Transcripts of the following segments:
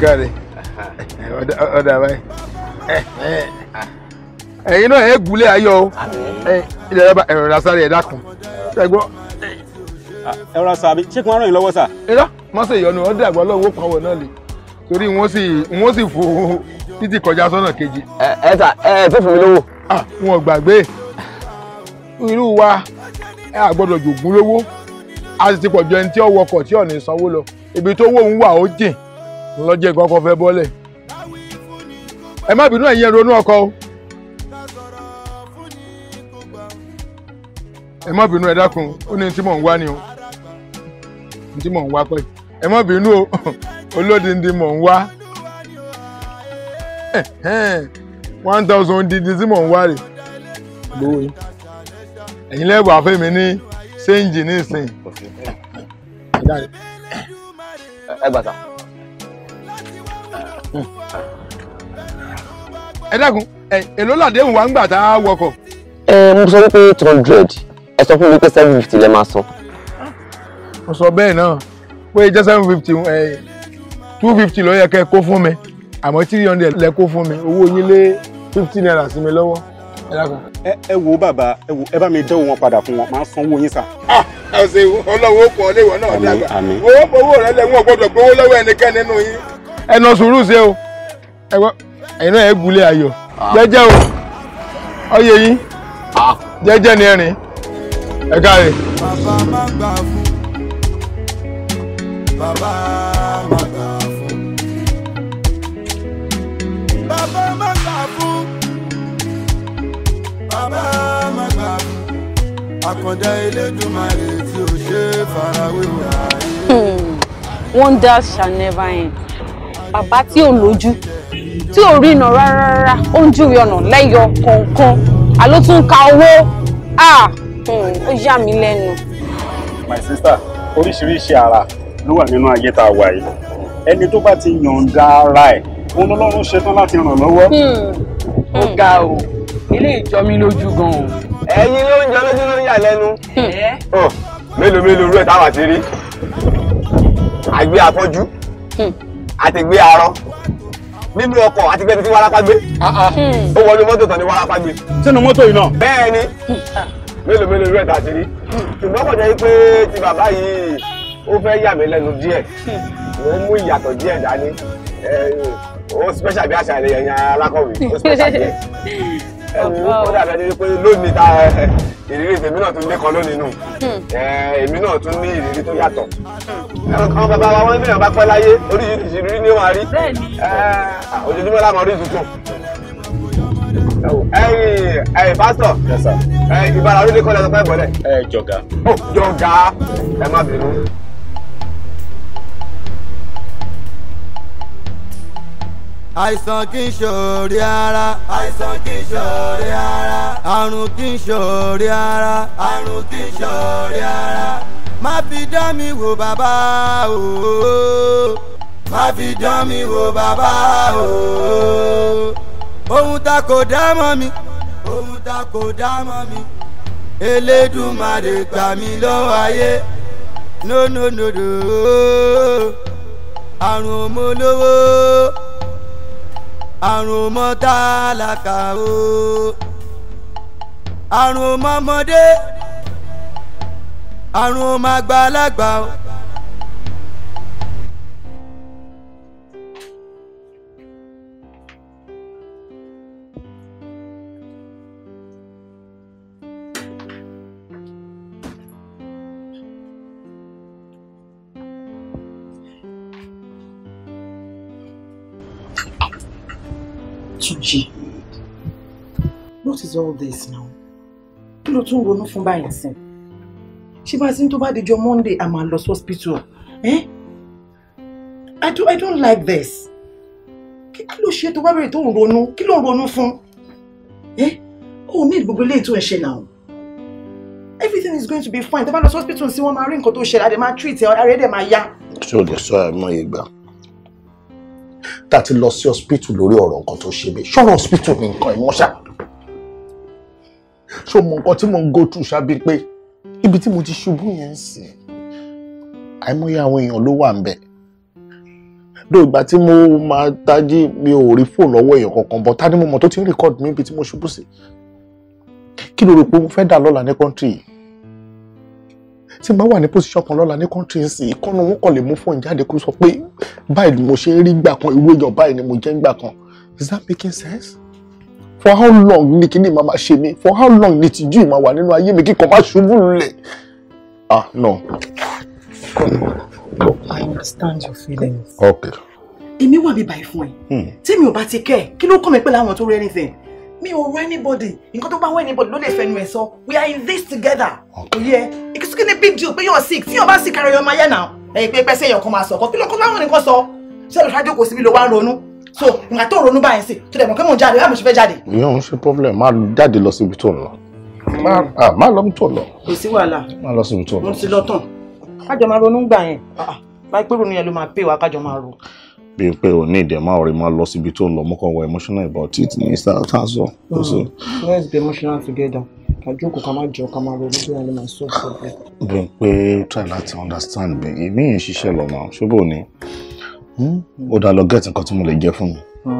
káre ọ̀dà báyìí ẹ̀yin náà ẹ̀ gúnlẹ̀ ayọ̀ o ilẹ̀ ẹ̀rọ ẹ̀rọ lásàrè ẹ̀dá kan ṣẹ́gbọ́n. ẹ̀rọ sàbí ṣé kí wọ́n ràn yín lọ́wọ́ sà. irọ́ mọ́sẹ̀ ìyọnu ọ̀dà àgbà ọlọ́run ó pawọ́ náà lè torí wọ́n sì wọ́n sì fò ó títí kọjá sọ́nà kejì. ẹ ẹ sà ẹ fẹ́ fún mi lówó. wọn ò gbàgbé irú wa ẹ àgbọ́dọ̀ jògún lówó a sì ti pọ̀ ju ẹni tí ó wọkọ̀ tí ò ní sanwó lọ ibi tó wọ̀ ń wà ó jìn lọ́jẹ́ nǹkan kan fẹ́ bọ́lẹ̀ ẹ má bínú ẹ̀yin ronú ọkọ o ẹ má bínú ẹ ó ní tí mò ń wá ni o tí mò ń wá pẹ́ ẹ má bínú o olódindi mò ń wá one thousand dídí tí mò ń wá rè lówó yìí ẹ̀yin lẹ́wọ̀ àfẹ́mi ní séǹjì nísìnyí. ẹ gbàtà ẹ dákun èló làdéhùn wa ń gbà tá a wọkọ̀. ẹ mo sọ wípé two hundred ẹ sọ fún mi pé seven fifty lẹ máa san. mo sọ bẹ́ẹ̀ náà pé jẹ́ seven fifty two fifty ló yẹ kẹ́ ẹ kó fún mi àmọ́ three hundred lẹ kó fún mi owó yín lé fifty naira sí mi lọ́wọ́ ẹ dákun. ẹ ẹ wo bàbá ẹ wo ẹ bá mi dẹ́wọ̀n padà fún wọn máa sanwó yín sá. ẹ ṣe ọlọ́wọ́ pọ̀ ọ́ léwọ̀n náà dàgbà owó owó rẹ lẹ́wọ̀n gbọ́dọ̀ gbowó lọ́wọ́ ẹnikẹ́ni nínú yín ẹnà sùúrù ṣe o ẹ̀yin náà ayọ̀ ah. jẹ́jẹ́ o ọyẹ yín ah. jẹ́jẹ́ ni ẹ̀rín ẹ káre. bàbá má gbà fún bàbá má gbà fún bàbá má gbà fún bàbá má gbà fún àkàndá Elédùmarè tí ò ṣe é farawé wà. Hmm. wonders shall never end bàbá tí ò lójú tí ò rí iná rárá ó ń júwe ọ̀nà lẹ́yọ kọ̀ọ̀kan àló tún ka owó hmm, ó yà mí lẹ́nu. my sister oríṣiríṣi ara ló wà nínú ayé tá a wà yìí ẹni tó bá ti yànda ara ẹ̀ òun lọ́rùn ṣetán láti ràn lọ́wọ́. Hmm, ó hmm. ga o ilé ìjọ mi lójú gan o. ẹ̀yin ló ń jọ lójú ló ń yà lẹ́nu. mélòó mélòó rú ẹ̀ táwa ti rí àgbẹ̀ afọ́jú àtẹ̀gbé arọ nínú ọkọ̀ àti gbẹ́ni tí wárápá gbé ó wọnú mọ́tò tán ní wárápá gbé. sínú mọ́tò yìí náà. bẹ́ẹ̀ ni mélòó mélòó rẹ̀ tàbí rí ṣùgbọ́n kò jẹ́ pé ti bàbá yìí ó fẹ́ yà mí lẹ́nu díẹ̀ ó mú ìyàtọ̀ díẹ̀ dání ó special bí àṣà ẹ̀yàn alákọ̀wé ó special díẹ̀. ẹ̀wò ó dàbẹ̀ ni pé lónìí ta ìrírí tèmi náà tún dé kan lónìí nù hmm. èmi náà tún ní ìrírí tó yàtọ̀ pásítọ̀ ìbára orílẹ̀ kọ́lẹ̀ tó fẹ́ ẹ jọ̀gá. jọ̀gá ẹ má bínú. àìsàn kì í ṣòrí ara. àìsàn kì í ṣòrí ara. àrùn kì í ṣòrí ara. àrùn kì í ṣòrí ara. má fi dán mi wò bàbá o. má fi dán mi wò bàbá o. ohun ta kò dá mọ́ mi. ohun ta kò dá mọ́ mi. Elédùmarè gbà mí lọ́wọ́ ayé. no no no no. àrùn òmò lówó. No, no àrùn mọ́ tálákà o àrùn mọ́ ọmọdé àrùn mọ́ àgbàlagbà o. Túnjí. What is all this now? Kí ló tún ronú fún báyìí sìn? Ṣé bá ti ń Monday a máa lọ hospital? Eh? I, do, I don't like this. Kí ló to tó bá bẹ̀rẹ̀ tó ń ronú? Kí ló Eh? Oh, ní gbogbo ilé ètò ẹ̀ṣẹ̀ now. Everything is going to be fine. The bá lọ sí hospital sí wọ́n máa rí nǹkan tó ṣẹlẹ̀, àdè máa treat ẹ̀, àrẹ́dẹ̀ máa yá. Ṣé o lè sọ àìmọye tá a ti lọ sí hospital lórí ọ̀rọ̀ nǹkan tó ṣe mí ṣọ́rọ̀ hospital ni nǹkan ìmọ̀ ṣá mọ nǹkan tí mo ń go to ṣábí pé ibi tí mo ti ṣubú yẹn ń sìn àìmọye àwọn èèyàn ló wà ń bẹ̀ ló ìgbà tí mo máa tají mi ò rí fóònù lọ́wọ́ èèyàn kankan bọ́ ta mo mọ̀ tó ti ń record mi ibi tí mo ṣubú sí kí ló rò pé mo fẹ́ dà lọ́la ní kọ́ńtì yìí tí n bá wà ní position kan lọ́la ní country sí ìkànnì wọn kàn lè mú fóònù jáde kó sọ pé báyìí ni mo ṣe rí gbà kan irú èèyàn báyìí ni mo jẹ́ gbà kan is that making sense? for how long ni kíní màmá ṣe mí for how long ni tìjú ìmọ̀ wà nínú ayé mi kíkan má ṣubú lulẹ̀ ah no. I understand your feelings. okay. èmi wà bíbá ìfún ẹ hmm. tí mi ò bá ti kẹ́ ẹ kí ló kọ́ mi pẹ̀lú àwọn tó rí anything mi ò rọ anybody nǹkan tó bá wọ anybody ló lè fẹnu ẹ sọ we are in this together oyè kí ni big deal pé yóò sick tí yóò bá sick ara yóò máa yẹ náà ẹ̀yìn pé pẹ́sẹ́ yẹn kan máa sọ kọ́ kí ló kọ́ bá wọn nìkan sọ ṣé lọ́ọ́ ṣáájú kò síbi ló wá ń ronú so nǹkan tó ronú báyìí sí tó dẹ̀ mọ̀ pé mò ń jáde báyìí mo ṣe fẹ́ jáde. ìyá òun ṣe problem máa jáde lọ síbi tó ń lọ máa lọ tó lọ. kò sí wàhálà máa lọ síbi tó lọ. mo ti lọ tán kájọ máa ronú gbà yẹn ah, ah. báyìí pé ronú yẹn ló máa pè wá kájọ máa ro bíi pé o ní ìdẹ̀mọ́ ọ̀rẹ́ máa lọ síbi tó ń lọ mọ́kàn wọ emotional about it ní ìsá tààzọ. let's be emotional together kàjókòó ká má jọ ká má ronú bí ẹni máa solve problem. bí n pé try láti understand mi èmi yìí ń ṣiṣẹ́ lọ́nà ṣébò ni hmm? ó dá lọ get nǹkan tí mo lè jẹ fún mi. Ah.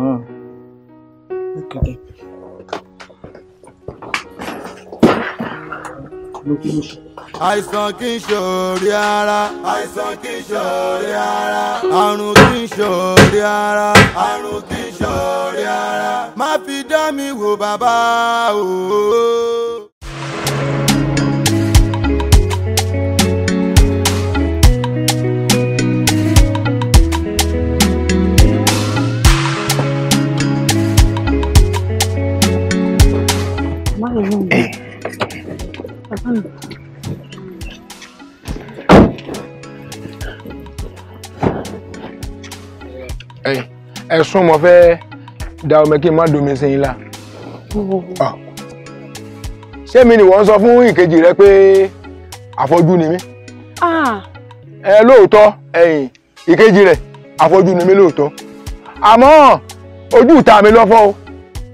Okay àìsàn kì í ṣòrí ara. àìsàn kì í ṣòrí ara. àrùn kì í ṣòrí ara. àrùn kì í ṣòrí ara. má fi dá mi wò bàbá o. Oh, oh. ẹ̀sùn mo fẹ́ da omi kí n má domi sí yín la. Ah. ṣé mi ni wọ́n sọ fún ìkejì rẹ pé àfọ́jú ni mí. Ah. ẹ lóòótọ́ ẹ̀yìn ìkejì rẹ̀ àfọ́jú ni mí lóòótọ́ àmọ́ ojú ìta mi lọ́fọ́ o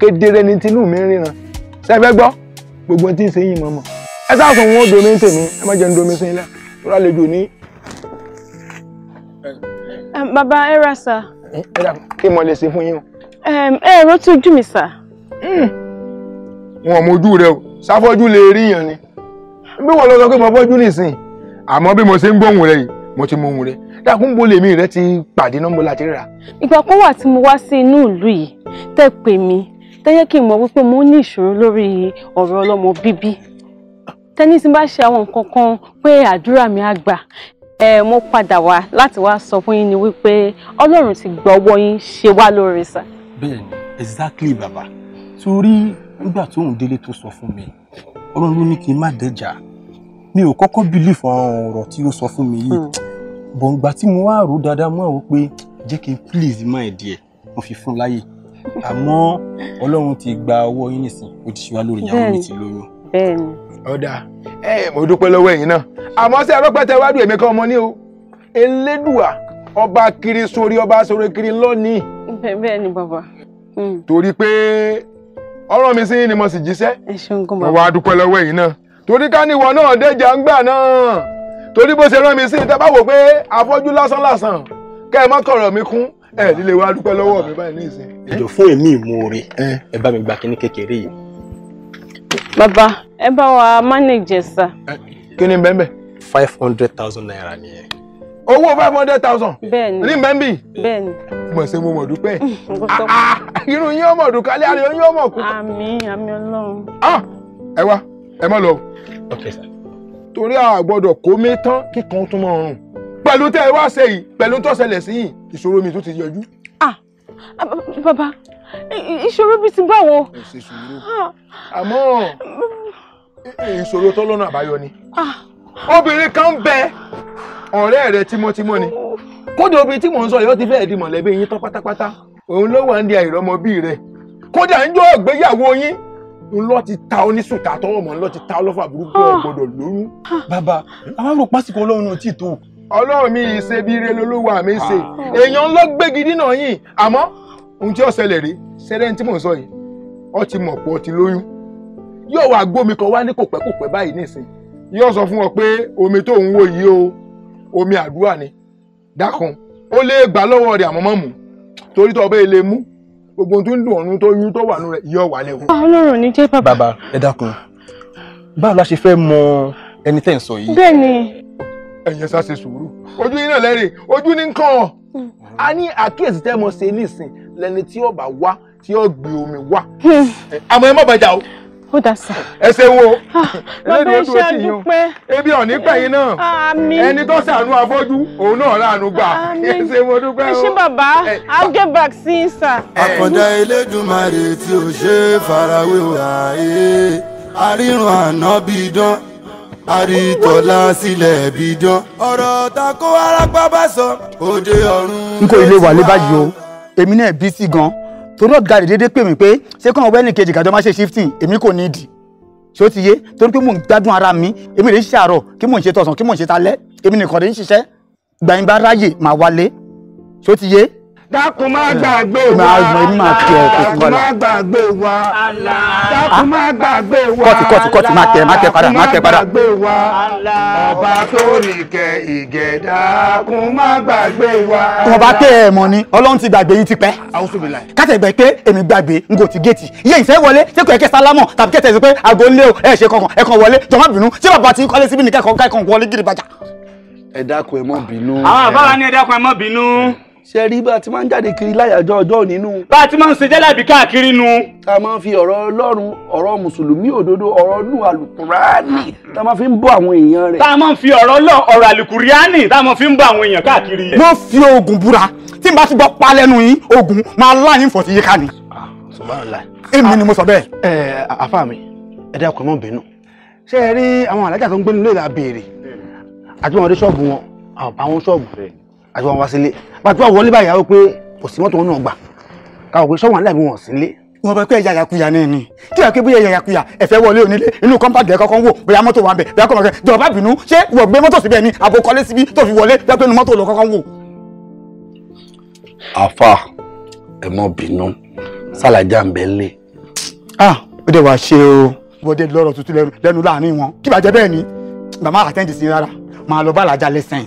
kedere ni tinú mi ń ríran ṣe fẹ́ gbọ́ gbogbo tí ń ṣe yín mọ̀mọ́ ẹ sáàsùn wọn domi ń tèmi ẹ má jẹ́ ń domi sí ilẹ̀ rọ́lá lè dùn ní. bàbá ẹ ra sà kí mo lè ṣe fún yín o. ẹ ẹ rántí ojú mi sà. Hmm. wọn ò mojú rẹ o sáfọ́jú lè rí yàn ni bí wọ́n lọ sọ pé mo fọ́jú nìsín àmọ́ bí mo ṣe ń gbóhùn rẹ yìí mo ti mú un rẹ dákun bo lèmi rẹ ti pàdé nọ́mbà láti rà. ìgbà kan wà tí mo wá sí inú ìlú yìí tẹ́ pè mí tẹ́yẹ́ kí n mọ̀ wípé mo ní ìṣòro lórí ọ̀rọ̀ ọlọ́mọ bíbí tẹ́ni tí n bá ṣe àwọn nǹkan kan pé àdúrà mi á gbà ẹ mo padà wá láti wá sọ fún yín ni wípé ọlọ́run ti gbọ́ ọwọ́ yín ṣe wá lóore sà. bẹ́ẹ̀ni exactly Baba. torí nígbà tóun délé tó sọ fún mi ọlọ́run ló ní kí n má dẹjà mi ò kọ́kọ́ bílífù àwọn ọ̀rọ̀ tí ó sọ fún mi yìí hmm. bọ̀ǹgbà tí mo wá rò dáadáa mọ́ àwọn pé jẹ́ kí n please má ẹ̀ díẹ̀ mo fi fún láyè àmọ́ ọlọ́run ti gba ọwọ́ yín nìsín ó ti ṣe wá lórí ìyàwó mi ti lóyún. bẹ́ẹ̀ni ọ̀dà ẹ mo dúpẹ́ lọ́wọ́ ẹ̀yin náà àmọ́ sí arọ́pẹ́tẹ wádùn èmi kan ọmọ ní o elédùà ọba kiri sórí ọba sórí kiri lónìí. bẹ́ẹ̀ ni bàbá. Hmm. torí pé ọ̀rọ̀ mi sí ni mo sì jíṣẹ́. ẹ ṣeun kún bàbá. mo wá dúpẹ́ lọ́wọ́ ẹ̀yin náà torí ká ní ìwọ náà déjà ń gbà náà torí bó ṣe rán mi sí ìta bá wò pé afọ́jú lásán lásán kẹ́ ẹ má kọ̀rọ̀ mi kún ẹ líle wá dúpẹ́ lọ́wọ́ mi báyìí ní ìsìn. ìjọ fún èmi ìmoore ẹ bá mi gba kíní kékeré yìí Baba, ẹ bá wa manage sir. kí ni bẹ́ẹ̀ bẹ́ẹ̀. five hundred thousand naira nìyẹn. owó five hundred thousand. bẹ́ẹ̀ni ní bẹ́ẹ̀ni. bẹ́ẹ̀ni. mo ṣe mo mọ̀ dúpẹ́. Ah, ah, irun yín ọmọ ọdún kálí àríyá yín ọmọ kú. àmín àmín Ọlọ́run. Ah, ẹ wá ẹ má lọ. okay sir. torí a gbọ́dọ̀ kó mi tán kíkan tún mọ ọrùn pẹ̀lú tẹ́ ẹ wá ṣe yìí pẹ̀lú tó sí yìí ìṣòro mi tún ti yọjú. ah bàbá ìṣòro bíi ti báwo. ẹ ṣe sùúrù ah. àmọ́ ìṣòro tọ́lọ́nà àbáyọ ni ah. obìnrin kan ń bẹ ọ̀rẹ́ rẹ tímọ́tímọ́ ni oh. kódà obìnrin tí mò ń sọ yìí ó ti fẹ́ẹ̀ di mọ̀lẹ́bí yín tán pátápátá òun ló wà ń di àìrọ́mọbí rẹ kódà ń yóò gbéyàwó yín ńlọ ti ta onísùtà tọwọ́ mọ́ ńlọ ti ta ọlọ́fà burúkú ah. ọ̀gbọ́dọ̀ lóyún. bàbá àwọn rò pásìkò ọlọ́run ò tí ì tó. ọlọ́run mi ìṣe bí ire lolúwa mi ṣe èèyàn ńlọ gbégi dínà yìí àmọ́ ohun tí ó ṣẹlẹ̀ rí sẹ́rẹ́ni tí mò ń sọ yìí ó ti mọ̀ pọ̀ ó ti lóyún yóò wá gbómi kan wá ní kò pẹ́ kò pẹ́ báyìí nísìn yóò sọ fún ọ pé omi tó ń wò yìí o omi àdúrà ni dákun ó lè gbà lọ́wọ́ rẹ̀ àmọ́ mọ́ mu torí tó ọbẹ̀ ilé mú gbogbo tó ń dùn ọ̀run tó yún tó wà nù rẹ̀ yóò wà lẹ́wọ̀. ọlọ́run ní jẹ́ bàbá. bàbá ẹ dákun báwo la ṣe fẹ́ mọ ẹni tẹ́ ń sọ yìí. bẹ́ẹ̀ ni. sá ṣe sùúrù ojú yín náà lẹ́rìn ojú ní nǹkan hmm. a ní àkíyèsí tẹ́ mọ ṣe nísìn lẹni tí ọba wá tí ó gbé omi wá. Hmm. àmọ́ ẹ má bàjá o ó dá sá. ẹ ṣe wo lónìí ojú oṣù yìí ebi ọ̀ní pẹ̀yìn náà ẹni tó ṣàánú afọ́jú òun náà ráàánú gbà ẹ ṣe mo dúpẹ́ o. ẹ ṣé bàbá i'll get back sí sà. àkàndá elédùnmarè tí ò ṣe é farawé wáyé arírun àná bíi dán àrítọ́lá sílẹ̀ bíi dán. ọ̀rọ̀ tako arápá bá sọ òde ọ̀run. n kò ilé wà ní báyìí o èmi náà bí sí gan torí ọ̀gá rẹ̀ déédéé pè mí pé ṣé kàn wẹ́ẹ̀nì kejì kàjọ má ṣe shifting èmi kò ní ìdì ṣé ó ti yé torí pé mò ń gbádùn ara mi èmi rè ń ṣe àárọ̀ kí mò ń ṣe tọ̀sán kí mò ń ṣe talẹ́ èmi nìkan rè ń ṣiṣẹ́ gbàyìnbá ráyè màá wálé ṣé ó ti yé dákun má gbàgbé wa dákun má gbàgbé wa dákun má gbàgbé wa kọ́tì kọ́tì kọ́tì má tẹ má tẹ padà má tẹ padà. wa ọba tó nìkẹ́ ìgẹ̀ dákun má gbàgbé wa. ọba tẹ ẹ mọ ni ọlọ́run ti gbàgbé yín ti pẹ́. kátà ìgbà pé èmi gbàgbé n kò ti géètì iye ìfẹ́ wọlé ṣé kò yẹ kẹ́ sálámọ̀ tàbí kẹ́tẹ̀ sọ pé àgọ́ ńlẹ́ o ẹ̀ ṣe kankan ẹ̀kan wọlé jọ̀mọ́ bínú ṣé bàbá ti kọ́lé síbi nìkan kan wọlé gidi bàjá. ẹ dákun ẹ mọ bínú. àwọn àbára ni ẹ dákun ẹ mọ bínú ṣe rí bá a ti máa ń jáde kiri láyàjọ ọjọ́ nínú. bá a ti máa ń ṣe jálàbí káàkiri nu. tá a máa ń fi ọ̀rọ̀ ọlọ́run ọ̀rọ̀ mùsùlùmí òdodo ọ̀rọ̀ nù àlùkùránì tá a máa fi ń bọ́ àwọn èèyàn rẹ̀. tá a máa ń fi ọ̀rọ̀ lọ ọ̀rọ̀ àlùkùránì tá a máa fi ń bọ́ àwọn èèyàn káàkiri. mo fi oògùn búra tí n bá ti gbọ́ pa lẹ́nu yín oògùn máa láyìn fọ̀ sí yíká ni. Ah, èmi ni mo sọ bẹ́ẹ̀. ẹ eh, eh, àfa mi ẹ dákun ẹ má bínú ṣé ẹ rí àwọn alájà tó ń gbénu lóye la béèrè àti wọn rí ṣọ́ọ̀bù wọn àwọn ṣọ́ọ̀bù àti wọn wá sílé bàtí wọn wọlé báyà wípé kò sí mọ́tò wọn náà gbà káwọn pé sọ́wọ́n aláìmú wọn sílé. wọn bá pẹ́ yàyàkuyà náà ni tí wàá pé bóyá yàyàkuyà ẹ̀fẹ́ wọlé onílé inú kọ́ńpáàdì ẹ̀ kọ́kọ́ ń wò bóyá mọ́tò wà ń bẹ̀ bóyá kọ́ńpáàdì jọ̀ọ́ bá bínú ṣé wọ́n gbé mọ́tò síbẹ̀ ni àbò kọ́lé síbi tó fi wọlé bóyá pé inú mọ́tò lọ kọ́kọ́ ń wò. àfà ẹ mọ bínú sàlàjà ń bẹ lé. ah ó dẹ̀ wá ṣe o wọ́dẹ̀ lọ́rọ̀ tuntun lẹ́nu láàrin wọn kí bàjẹ́ bẹ́ẹ̀ ni bàmá àtẹ́ǹdì sí rárá máa lọ bá àlàjà lẹ́sìn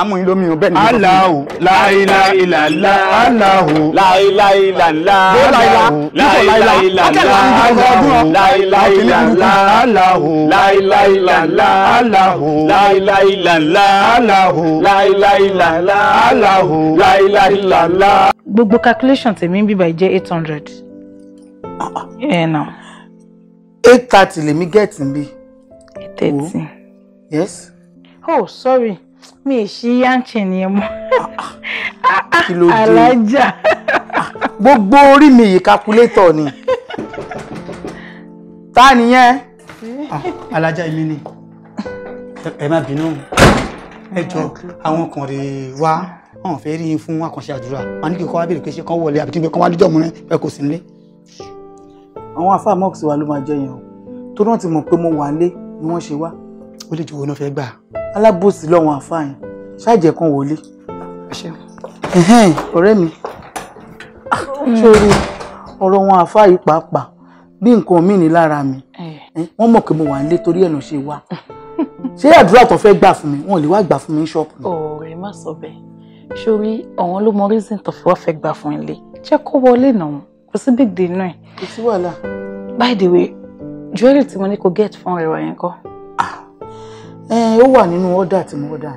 àmú yín lómi bẹ́ẹ̀ ni. aláwo láìláìlàlá aláwo láìláìlàlá aláwo láìláìlàlá aláwo láìláìlàlá aláwo láìláìlàlá aláwo láìláìlàlá aláwo láìláìlàlá. gbogbo calculation tèmi ń bíbá jẹ́ eight hundred. ẹ nà. eight thirty lèmi gẹ̀ẹ́tì ń bí. eight thirty. yes. oh sorry mi ṣí yáǹtì ni mo ah, ah, alájà. gbogbo orí mi yìí calculator ni ta nìyẹn. Ah, alájà èmi ni ẹ má bínú ẹ jọ àwọn kan rè wá wọn fẹ́ rí yín fún àkànṣe àdúrà wọn ní kí n kọ́ wá bèrè pé ṣé kán wọlé àbí kí n bẹ kán wá níjọ́ mú ẹ kò sí nílé. àwọn afáàmọ́ọ̀sì wa ló máa jẹ yẹn o tó náà ti mọ̀ pé mo wà lé ni wọ́n ṣe wá village wo ló fẹ́ gbà. alábòsí lọ́wọ́n àfààní ṣáàjẹ́ kan wọlé. ọ̀rẹ́ mi ah, sórí ọ̀rọ̀ wọn àfààní pàápàá bí nǹkan mi ní lára mi wọ́n mọ̀ pé mo wà nílé torí ẹ̀nà ṣe wá ṣé àdúrà tó fẹ́ gbà fún mi wọn ò lè wá gbà fún mi ní ṣọ́ọ̀pù. ọ̀rẹ́ má sọ bẹ́ẹ̀ sórí àwọn ló mọ reason tó fi wá fẹ́ gbà fún ilé jẹ́ kó wọlé náà kò sí big deal náà. kò sí wàhálà. by the way jewelry tí mo ní kó get fún ẹ̀rọ yẹn kọ́. Eh, ó wà nínú ọ́dà tí mo ọ́dà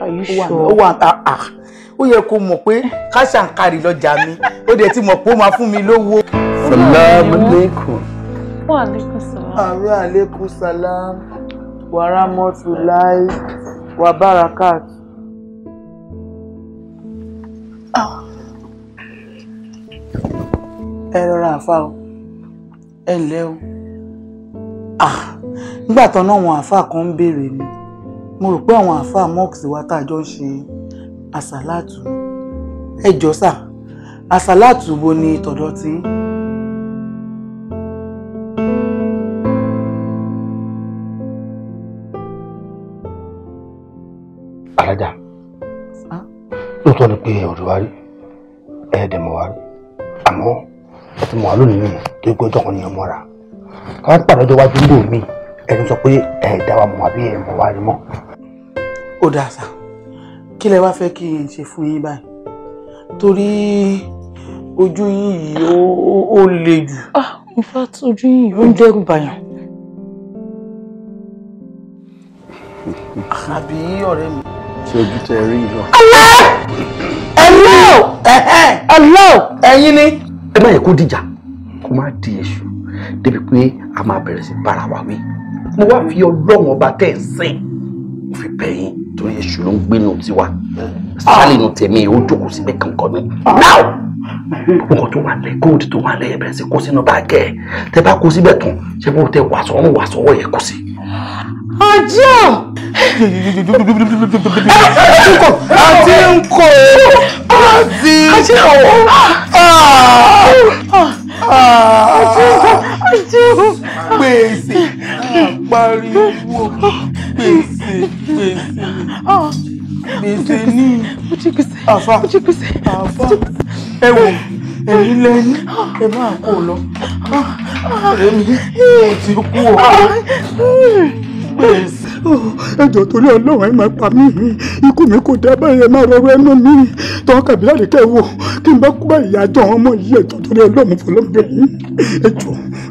ó wà ah, ah. ó yẹ kó mọ̀ pé káṣàǹkarì lọ́jà mi ó dẹ̀ ti mọ̀ pé ó máa fún mi lówó. salamu aleykum. wa aleykum salam. ààrẹ aleykum salam wàràmọ́tòláì wàbárakàt. Ah. ẹ rọra àfa o ẹ ǹlẹ́ o. Ah nígbà tán náà àwọn àáfàá kan ń béèrè mi mo rò pé àwọn àáfàá mọ́ọ̀kì wa tá a jọ ń ṣe àsálàtù ẹ jọ sà àsálàtù wo ni tọ̀dọ̀ tí. alájà lóòótọ́ ni pé ọ̀dọ̀ wa rí ẹ̀ẹ́dẹ̀ mọ̀ wá rí àmọ́ ẹ ti mọ̀ wá lónìí nìyí tó gbé tọkàn nìyẹn mọ́ra ká pàdé ọjọ́ wájú ń bò míì ẹni sọ pé ẹ dá wa mọ̀ àbí ẹ mọ̀ wá ni mọ̀. ó dáa sá kí lẹ wá fẹ́ kí n ṣe fún yín báyìí torí ojú yín yìí ó le jù. mo fẹ́ tójú yín ó ń dẹ́rù bàyàn. àbí ọ̀rẹ́ mi. ṣé ojú tẹ rí i lọ. ẹ̀lọ́ ẹ̀lọ́ ẹ̀yin ni. ẹ má yẹ kó dìjà kó má di èṣù débi pé a máa bẹ̀rẹ̀ sí bára wa wí mo wá fi ọlọ́run ọba tẹ́ ẹ̀ sìn mo fi bẹ̀ yín torí èṣù ló ń gbé tiwa sálì nù tẹ̀mí ó jókòó síbẹ̀ kankan ni now gbogbo tó wà lẹ gold tó wà lẹ ẹ bẹ̀rẹ̀ sí kó sínú báàgẹ́ ẹ tẹ bá kó síbẹ̀ tán ṣé bó tẹ wàásù ọ̀run wàásù ọwọ́ yẹ kó sí. ọjọ́ àti ń kó àti ń kó àti ń gbèsè pariwo gbèsè gbèsè ah. gbèsè ní àfa àfa ẹ èmi lẹ́yìn ẹ máa kó lọ èmi ah. ti kú o ah. gbèsè ẹjọ torí Ọlọ́run ẹ máa pa mí ikú mi kò dá báyìí ẹ máa rọrọ ẹnu mi tọ́wọ́n kàbí láti kẹ́ wò kí n bá kú báyìí àjọ àwọn ọmọ yìí ẹjọ torí Ọlọ́run fọlọ́bẹ̀ẹ́ ẹjọ ẹjọ ẹjọ ẹjọ ẹjọ ẹjọ ẹjọ ẹjọ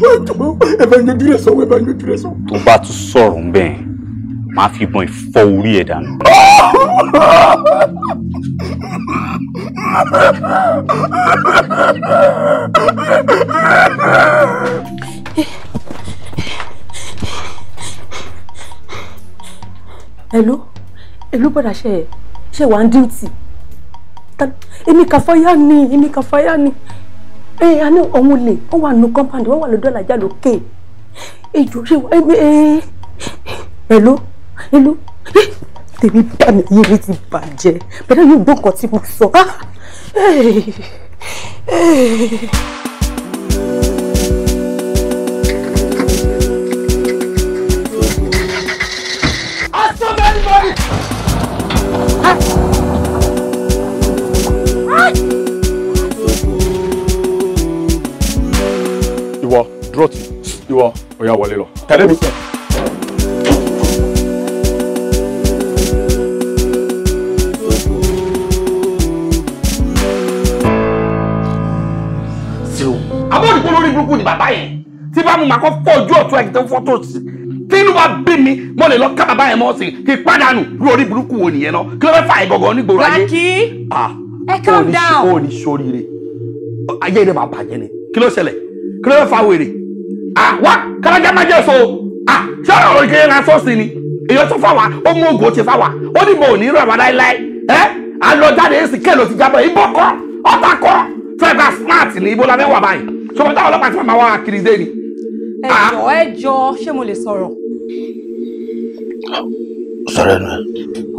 ẹjọ ẹjọ ẹ bá yanjú rẹ sọ ẹ bá yanjú tó bá tún sọ̀rọ̀ bẹ́ẹ̀ máa fi ìbọn ìfọ́ orí ẹ̀ dànù. ẹ̀lú ẹ̀lú padà ṣe ṣe wà ń díùtì èmi kàfáyà ni èmi kàfáyà ni ẹ a ní ọmọ lè ó wà nù compound wọn wà lọ́dọ̀ alájà lókè ìjọ ṣe wà ẹ hello hello tèmi bá mi yé mi ti bàjẹ́ bẹ́ẹ̀ ni yóò gbọ́ nǹkan tí mo sọ. Ah! dúró tì ìwọ ó yá wọlé lọ tẹ̀lé mi. abọ́dìpọ̀ lórí burúkú ni bàbá yẹn tí bá mu màá kọ́ fọ́ ojú ọ̀tún ẹ̀kìtàn fọ́tò sí tínú bá bí mi mo lè lọ ká bàbá yẹn mọ́ sí kí pàdánù lórí burúkú wo nìyẹn náà kí ló fẹ́ fà é gọ̀gọ̀ nígboro ayé. Bàkí ah, ẹ calm down. o ní sóríire ayé rẹ máa bàjẹ́ ni kí ló ṣẹlẹ̀ kí ló fẹ́ fà wèrè wá kálájà má jẹ́ so ṣé ọ̀rọ̀ ìkẹyẹ náà sọ́ọ̀sì ni èyàn tó fáwa ó mú ògùn ó ti fáwa ó ní mo ò ní rẹ̀ wá láéláé ẹ́ alọ́jáde èsì kéèlò ti jábọ̀ ibò kọ́ ọ̀tá kọ́ fẹ́ẹ̀gbà smart ní ibo labẹ́ wà báyìí ṣùgbọ́n táwọn ọlọ́pàá ti máa wá kiri dé ni. ẹjọ ẹjọ ṣé mo lè sọ̀rọ̀. sọ̀rọ̀ ẹnu ẹ.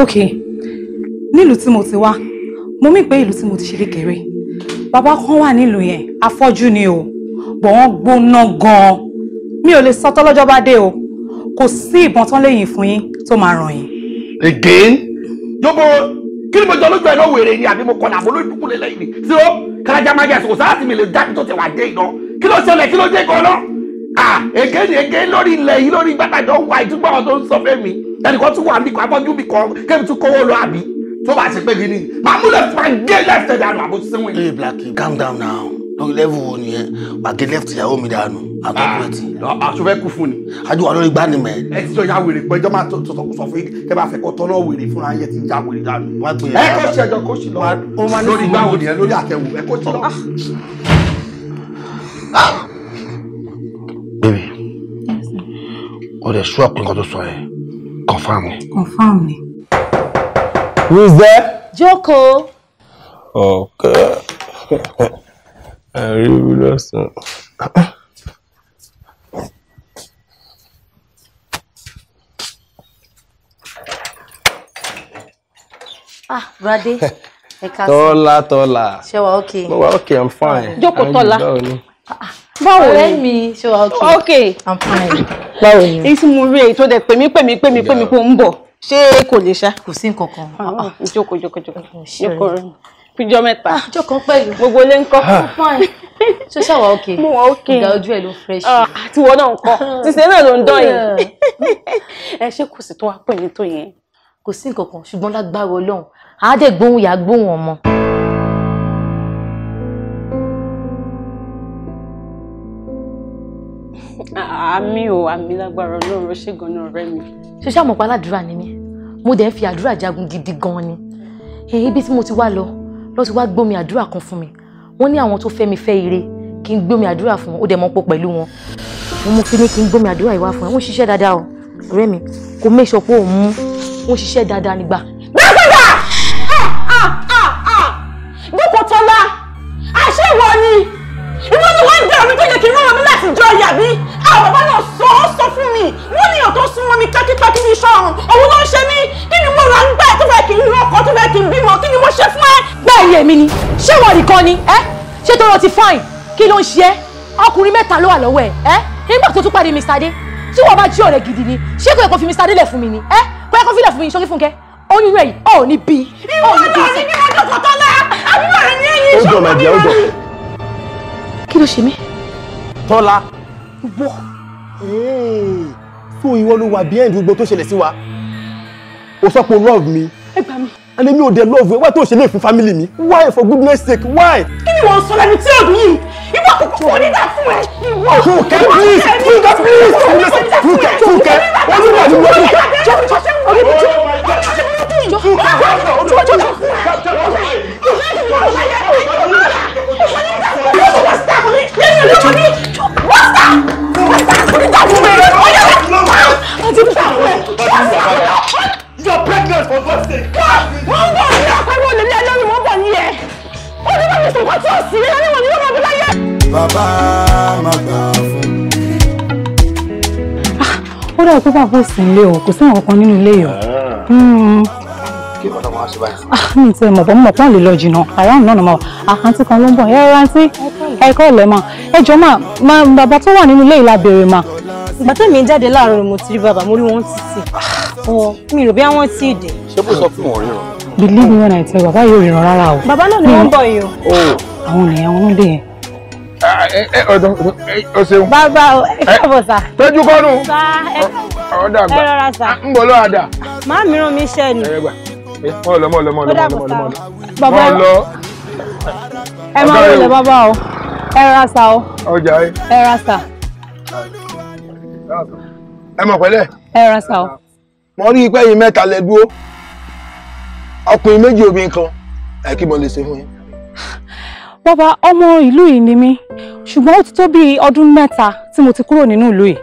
ok nílùú tí mo ti wá mo mí pé ìlú tí mo ti ṣe kékeré bàbá kan wà nílùú yẹn afọ́jú ni o bọ̀ wọ́n gbóná gan-an mi ò lè sọ tọ́lọ́jọ́ bá dé o kò sí ìbọn tán lẹ́yìn fún yín tó máa ràn yín. again jọ̀bọ̀ kí ni mo jọ lójú ẹ náà wèrè ni àbí mo kọ nàbó lójú kúlẹ̀ lẹ́yìn ni tí ó kárájà máa yẹsùn kò sáà sì mi lè dábì tó ti wà dé iná kí ló ṣẹlẹ̀ kí ló dé gan-an ah again ni again lórí ilẹ̀ yìí lórí gbàgbàjọ wà ìtúgbà wọn tó ń sọ fẹ́ mi ẹnìkan tún wà mí kan abọ́jú mi kan kébì tún kówó lọ àbí tó bá ṣe pé kí ni màmúlẹ̀ fún wa gé lẹ́sẹ̀ dànù àbòsí wìn. hey Blackie calm down now lórí lẹ́fù wo nìyẹn pàkí lẹ́fù ìyàwó mi dànù àtọ́jú ẹtì. aṣọ fẹ́ kú fún ni. ajú wa lórí gbani mẹ. ẹ ti sọ ya wèrè pé ẹjọ́ máa tọ̀tọ̀ sọ fún kẹ́ bá fẹ́ kọ́ tọ́lọ́ wèrè fúnra yẹn ti ya wèrè dànù. ẹ kọ́ sí ẹjọ́ kó sì lọ lórí gbáwo nìyẹn lórí àtẹ̀wò ẹ kó sí lọ. bébì o lè sọ ọ̀pẹ nǹkan tó sọ yẹn confam ni. confam ni. who is there. Joko. okay. àríwú lọ́sàn-án. ah brade Tola, Tola. sí. okay. tọ́lá okay. i'm fine. Joko, Tola. báwo ọ̀rẹ́ mi ṣé wà Okay. ok i'm fine. báwo ni. èyí tí mo rí èyí tó dẹ̀ pèmí pèmí pèmí pèmí pé ó ń bọ̀ ṣé kò lè ṣá. kò sí nǹkan kan. Joko. Ah, ah. jókòó jókòó jókòó rẹ fíjọ́ mẹ́ta. àjọ ah, kan pẹ̀lú. gbogbo ilé ń kọ́. Ah. ṣé ṣàwọ̀ òkè. mo wọ òkè. ìgbà ojú ẹ̀ ló fresh. Ah, àtiwọ́ náà ń kọ́ tìṣe náà ló ń dán yìí. ẹ ṣé kò sì tó wá pè ní tó yẹn. kò sí nǹkan kan ṣùgbọ́n lágbára ọlọ́run àá dẹ̀ gbóhùn yà gbóhùn ọmọ. àmì ò àmì lágbára ọlọ́run ṣé gan-an ọ̀rẹ́ mi. ṣe ṣàmùpá aládùúrà ni mí mo dẹ̀ ń fi àdúrà jagun gidi gan-an ni èyí bí tí mo ti wá lọ lọ ti wá gbómi àdúrà kan fún mi wọ́n ní àwọn tó fẹ́ mi fẹ́ ire kí n gbómi àdúrà fún wọn ó dẹ̀ mọ́ pọ̀ pẹ̀lú wọn wọ́n mú fi ní kí n gbómi àdúrà yìí wá fún ẹ wọ́n ṣiṣẹ́ dáadáa o ọ̀rẹ́ mi kò mẹ́sọ̀ pé òun mú wọ́n ṣiṣẹ́ dáadáa nígbà láyé mi ni ṣé wọ́n nìkan ni ẹ́ ṣé tó lọ ti fine kí ló ń ṣe ẹ́ ọkùnrin mẹ́ta ló wà lọ́wọ́ ẹ̀ ẹ́ nígbà tó tún pàdé Mr. Adé tí wọ́n bá jí ọ̀rẹ́ gidi ni ṣé kò yẹ kó fi Mr. Adé lẹ̀ fún mi ni ẹ́ kò yẹ kó fi lẹ̀ fún mi ṣókí fúnkẹ́ oyún rẹ̀ yìí ọ̀ ní bí. ìwọ náà ní bí wọ́n tó tọ́lá àbúrò rẹ̀ ẹ̀yìn ìṣòro mi lórí. kí ló ṣe mí. tọ́lá. wọ. fún ìwọ ló wà bí ẹ̀ ń dúgbò tó ṣẹlẹ̀ sí wa o sọ pé love me and you know they love ẹ wá tó ṣe lè family me? why for goodness sake why. kí ni wọ́n sọ lẹ́nu tí òbí yìí ìwọ kò kúkú nígbà fún ẹ ìwọ. fúnkẹ́ please please, please please, please, please, please, please, please, please, please, please, please, fúnkẹ́ fúnkẹ́ fúnkẹ́ olúwa ni wọ́n fúnkẹ́. What's that? What's that? What's that? you're pregnant for God's sake. wọ́n bọ̀ ní àpẹẹrẹ olè ní ẹlẹ́rìí wọ́n bọ̀ ní ẹ̀ ó ní bàbá ìsìnkú tí ò sí ẹ̀ ní wọ́n ní wọ́n máa bí láyé. bàbá máa gbà ah, ó dà pé bàbá ò ilé o kò sí kan nínú ilé yìí hmm. ah, mi ti mọ̀ bọ́ mọ̀ pọ́n lè lọ jìnnà around náà mọ̀ ah, àkáǹtì kan ló ń bọ̀ ẹ rántí ẹ kọ́ ọ̀lẹ́ mà ẹ jọ mà bàbá tó wà nínú ilé ìlà béèrè mà ìgbà tẹ́mi ń jáde láàárọ̀ ni mo ti rí bàbá mo rí wọn títì ọ mi rò bí àwọn tí ì dé. ṣé kò sọ fún wọn ríran. believe me when I tell bàbá yóò ríran rárá o. bàbá náà ni wọ́n bọ̀ yìí o. àwọn ènìyàn wọn dé yẹn. Ah, ọdún o ṣeun. bàbá ẹ káàbọ̀ sá. tọ́jú kọ́nù. sá ẹ káàbọ̀ ẹ rọra sá. Ah, ń bọ̀ lọ́wọ́ àdá. má mi ràn mí iṣẹ́ ni. mọ̀ lọ mọ̀ lọ mọ̀ lọ mọ̀ lọ. bàbá ẹ máa wọlé bàbá o ẹ rọra sá o. ọjà ẹ. ẹ rọra sá ẹ mọ̀ pẹ̀lẹ́. ẹ ra sa o. mo rí ipẹ́ yìí mẹ́ta lẹ dúró ọkùnrin méjì obìnrin kan ẹ kí mo lè ṣe fún yín. bàbá ọmọ ìlú yìí ni mí ṣùgbọ́n ó ti tó bíi ọdún mẹ́ta tí mo ti kúrò nínú ìlú yìí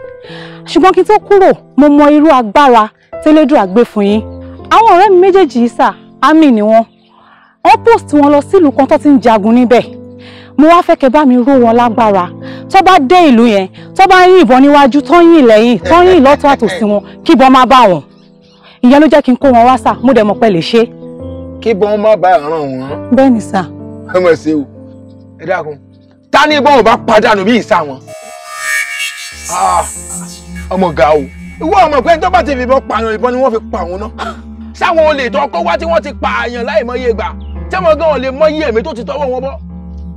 ṣùgbọ́n kí n tó kúrò mo mọ irú agbára tẹ́lẹ́dùn àgbé fún yín àwọn ọ̀rẹ́ mi méjèèjì yìí sà àmì ni wọ́n wọ́n post wọn lọ sílùú kan tó ti ń jagun níbẹ̀ mo wá fẹ́ kẹ́ bá mi ró wọn lágbára tó bá dé ìlú yẹn tó bá yìn ìbọn níwájú tó yìn lẹ́yìn tó yìn lọ́tọ̀ àtòsí wọn kí ìbọn má bá wọn ìyẹn ló jẹ́ kí n kó wọn wá sà mo dẹ̀ mọ̀ pé lè ṣe. kí ìbọn má bá ràn wọn. bẹ́ẹ̀ ni sà. ẹ mọ̀ ṣe o ẹ dákun ta ni ìbọn ò bá padànù bí ìsà wọn. Ah, ọmọ ga o ìwọ ọmọ pé tó bá ti fi ìbọn pààyàn ìbọn ni wọ́n fi pa òun náà sáwọn olè tó kó wá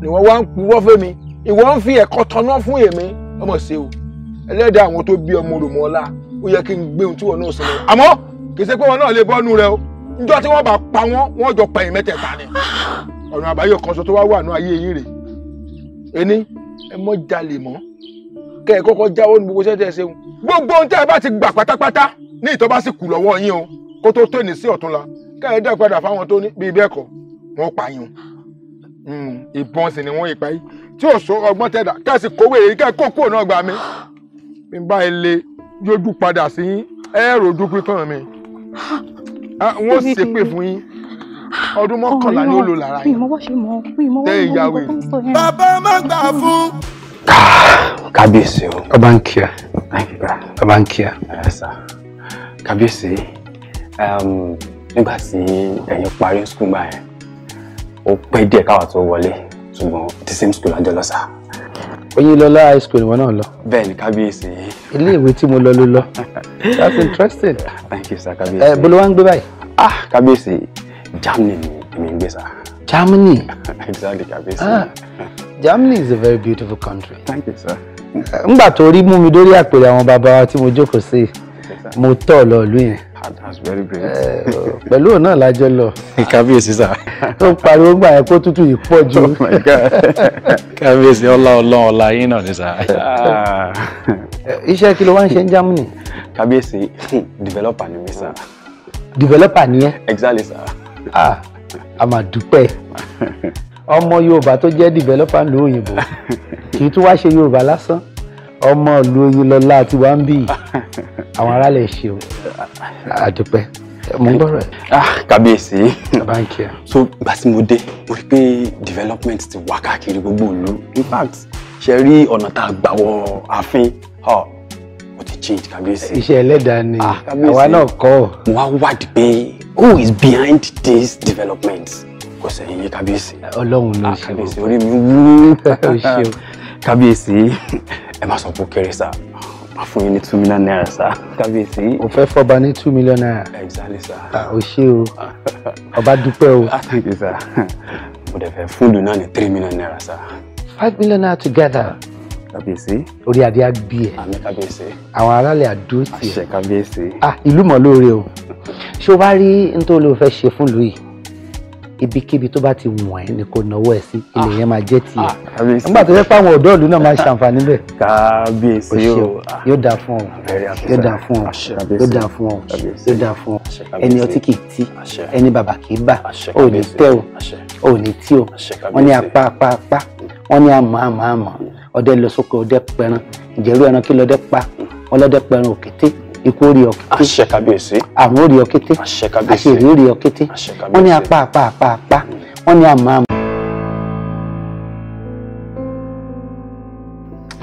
ni wọ́n wá ń purọ́ fẹ́mi ìwọ ń fi ẹ̀kọ́ tanná fún èmi ọmọ ṣe o ẹlẹ́dàá àwọn tó bí ọmọ òròmọ́lá ó yẹ kí n gbé ohun tí wọn náà sílẹ̀ àmọ́ kì í ṣe pé wọn náà lè bọ́nu rẹ o níjọ́ tí wọ́n bá pa wọ́n wọ́n jọ pẹ̀yìn mẹ́tẹ̀ẹ̀ta ni ọ̀nà àbáyọ kan ṣo tó wá wà ní ayé yìí rè ẹni ẹ mọ́ jalè mọ́ kẹ́ ẹ kọ́kọ́ jáwọ́ ní gbogbo sẹ́tẹ̀ ṣeun gbogbo ohun tí ẹ bá ti gbà pátápátá ní ìtọ́ba sì kù lọ́wọ́ yín o kó tó tó ní sí ọ̀túnla kẹ́ ẹ dẹ́ padà fáwọn tó ní Hmm. ìbọn sì ni wọ́n ìpa yìí tí ò so ọgbọ́n tẹ̀dá kẹ́sì kówó èyí kẹ́ kó kúrò náà gbà mí bí n bá yẹn lé yójú padà sí yín ẹ̀rọ ojú pípọ́n mi wọ́n ah, ṣépè fún yín ọdún mọ́kànlá ni ó lò lára yín tẹ́ ìyàwó yìí. bàbá má gbà fún. kábíyèsí o ọba ń kíá ọba ń kíá kábíyèsí um, nígbà tí ẹ̀yin parí skul báyìí ó pẹ́ díẹ̀ káwa tó wọlé ṣùgbọ́n the same school àjọ lọ sá. Oyinlọlá high school ìwọ náà lọ. bẹ́ẹ̀ni kábíyèsí. ilé ìwé tí mo lọ ló lọ that's interesting. thank you sir kábíyèsí. ẹ bolo wa ń gbé báyìí. ah kábíyèsí Germany ni èmi ń gbé sá. Germany. exactly kábíyèsí. ah Germany is a very beautiful country. thank you sir. ngbà eh, tó rí mú mi dórí àpèrè àwọn bàbá wa tí mo jókòó sí mo tọ̀ lọ ìlú yẹn that's very great. Eh, pẹ̀lú òun náà lájọ lọ. kábíyèsí sà. ó pariwo gbà yẹn kó tútù yìí pọ̀ jù. Oh kábíyèsí ọlá ọlọ́run ọlá yín náà ni sà. iṣẹ́ kí ló wá ń ṣe ní Germany. kábíyèsí developer ni mi sà. developer ni ẹ. exactly sà. ah a máa dúpẹ́ ọmọ Yorùbá tó jẹ́ developer ló òyìnbó kì í tún wá ṣe Yorùbá lásán ọmọ ìlú oyinlọlá àti wà ń bì àwọn aráàlú ṣe o àdúpẹ́ mo ń gbọ́rọ̀ ẹ̀. Ah, kàbíyèsí so ìgbà tí mo dé mo rí pé development ti wà káàkiri gbogbo ìlú in fact ṣe rí ọ̀nà tá a gbà wọ ààfin ó ti change kàbíyèsí. iṣẹ́ ẹlẹ́dàá ni ah, àwa náà kọ́ ọ. mo wá wádìí pé who is behind these developments kò sẹ́yìn yé kábíyèsí. ọlọ́run ló ah, ṣe o kábíyèsí orí mi wú kábíyèsí ẹ má sọ pé kéré sá máa fún yín ní two million naira sá kábíyèsí. o fẹ́ fọba ní two million naira. exactly sá. o ṣé o ọba dúpẹ́ o. Ah, thank you sá mo dẹ̀ fẹ́ fún lùnà ní three million naira sá. five million naira together. kábíyèsí. orí adé á bí ẹ. àmín kábíyèsí. àwọn aráàlú àdó tiẹ̀. àṣẹ kábíyèsí. ah ìlú mọ̀ lóore o ṣé o bá rí nítorí o fẹ́ ṣe fún lùyìí ibikíbi tó bá ti wọ̀n ẹ́ ni kò náwó ẹ̀ sí ilé yẹn máa jẹ́ tiẹ̀ ah, ah, nígbà tó yẹ pé àwọn ọ̀dọ́ ìlú náà máa ṣàǹfààní bẹ̀. kábíyèsí o ah, yóò dáa fún ọ yóò dáa fún ọ yóò dáa fún ọ yóò dáa fún ọ ẹni ọtí kì í tí ẹni bàbà kì í bà ò ní tẹ o ò ní tí o wọ́n ní apá apá apá wọ́n ní àmọ́ àmọ́ àmọ́ ọdẹ lọ sóko ọdẹ pẹran ìjẹ́rú ẹran kí lọ́dẹ pa ọlọ́dẹ pẹran òkété ikú orí ọkété àṣẹ kábíyèsí àwọn orí ọkété àṣẹ kábíyèsí àṣẹ orí ọkété àṣẹ kábíyèsí wọ́n ní apá apá apá apá wọ́n ní àmọ́ àmọ́.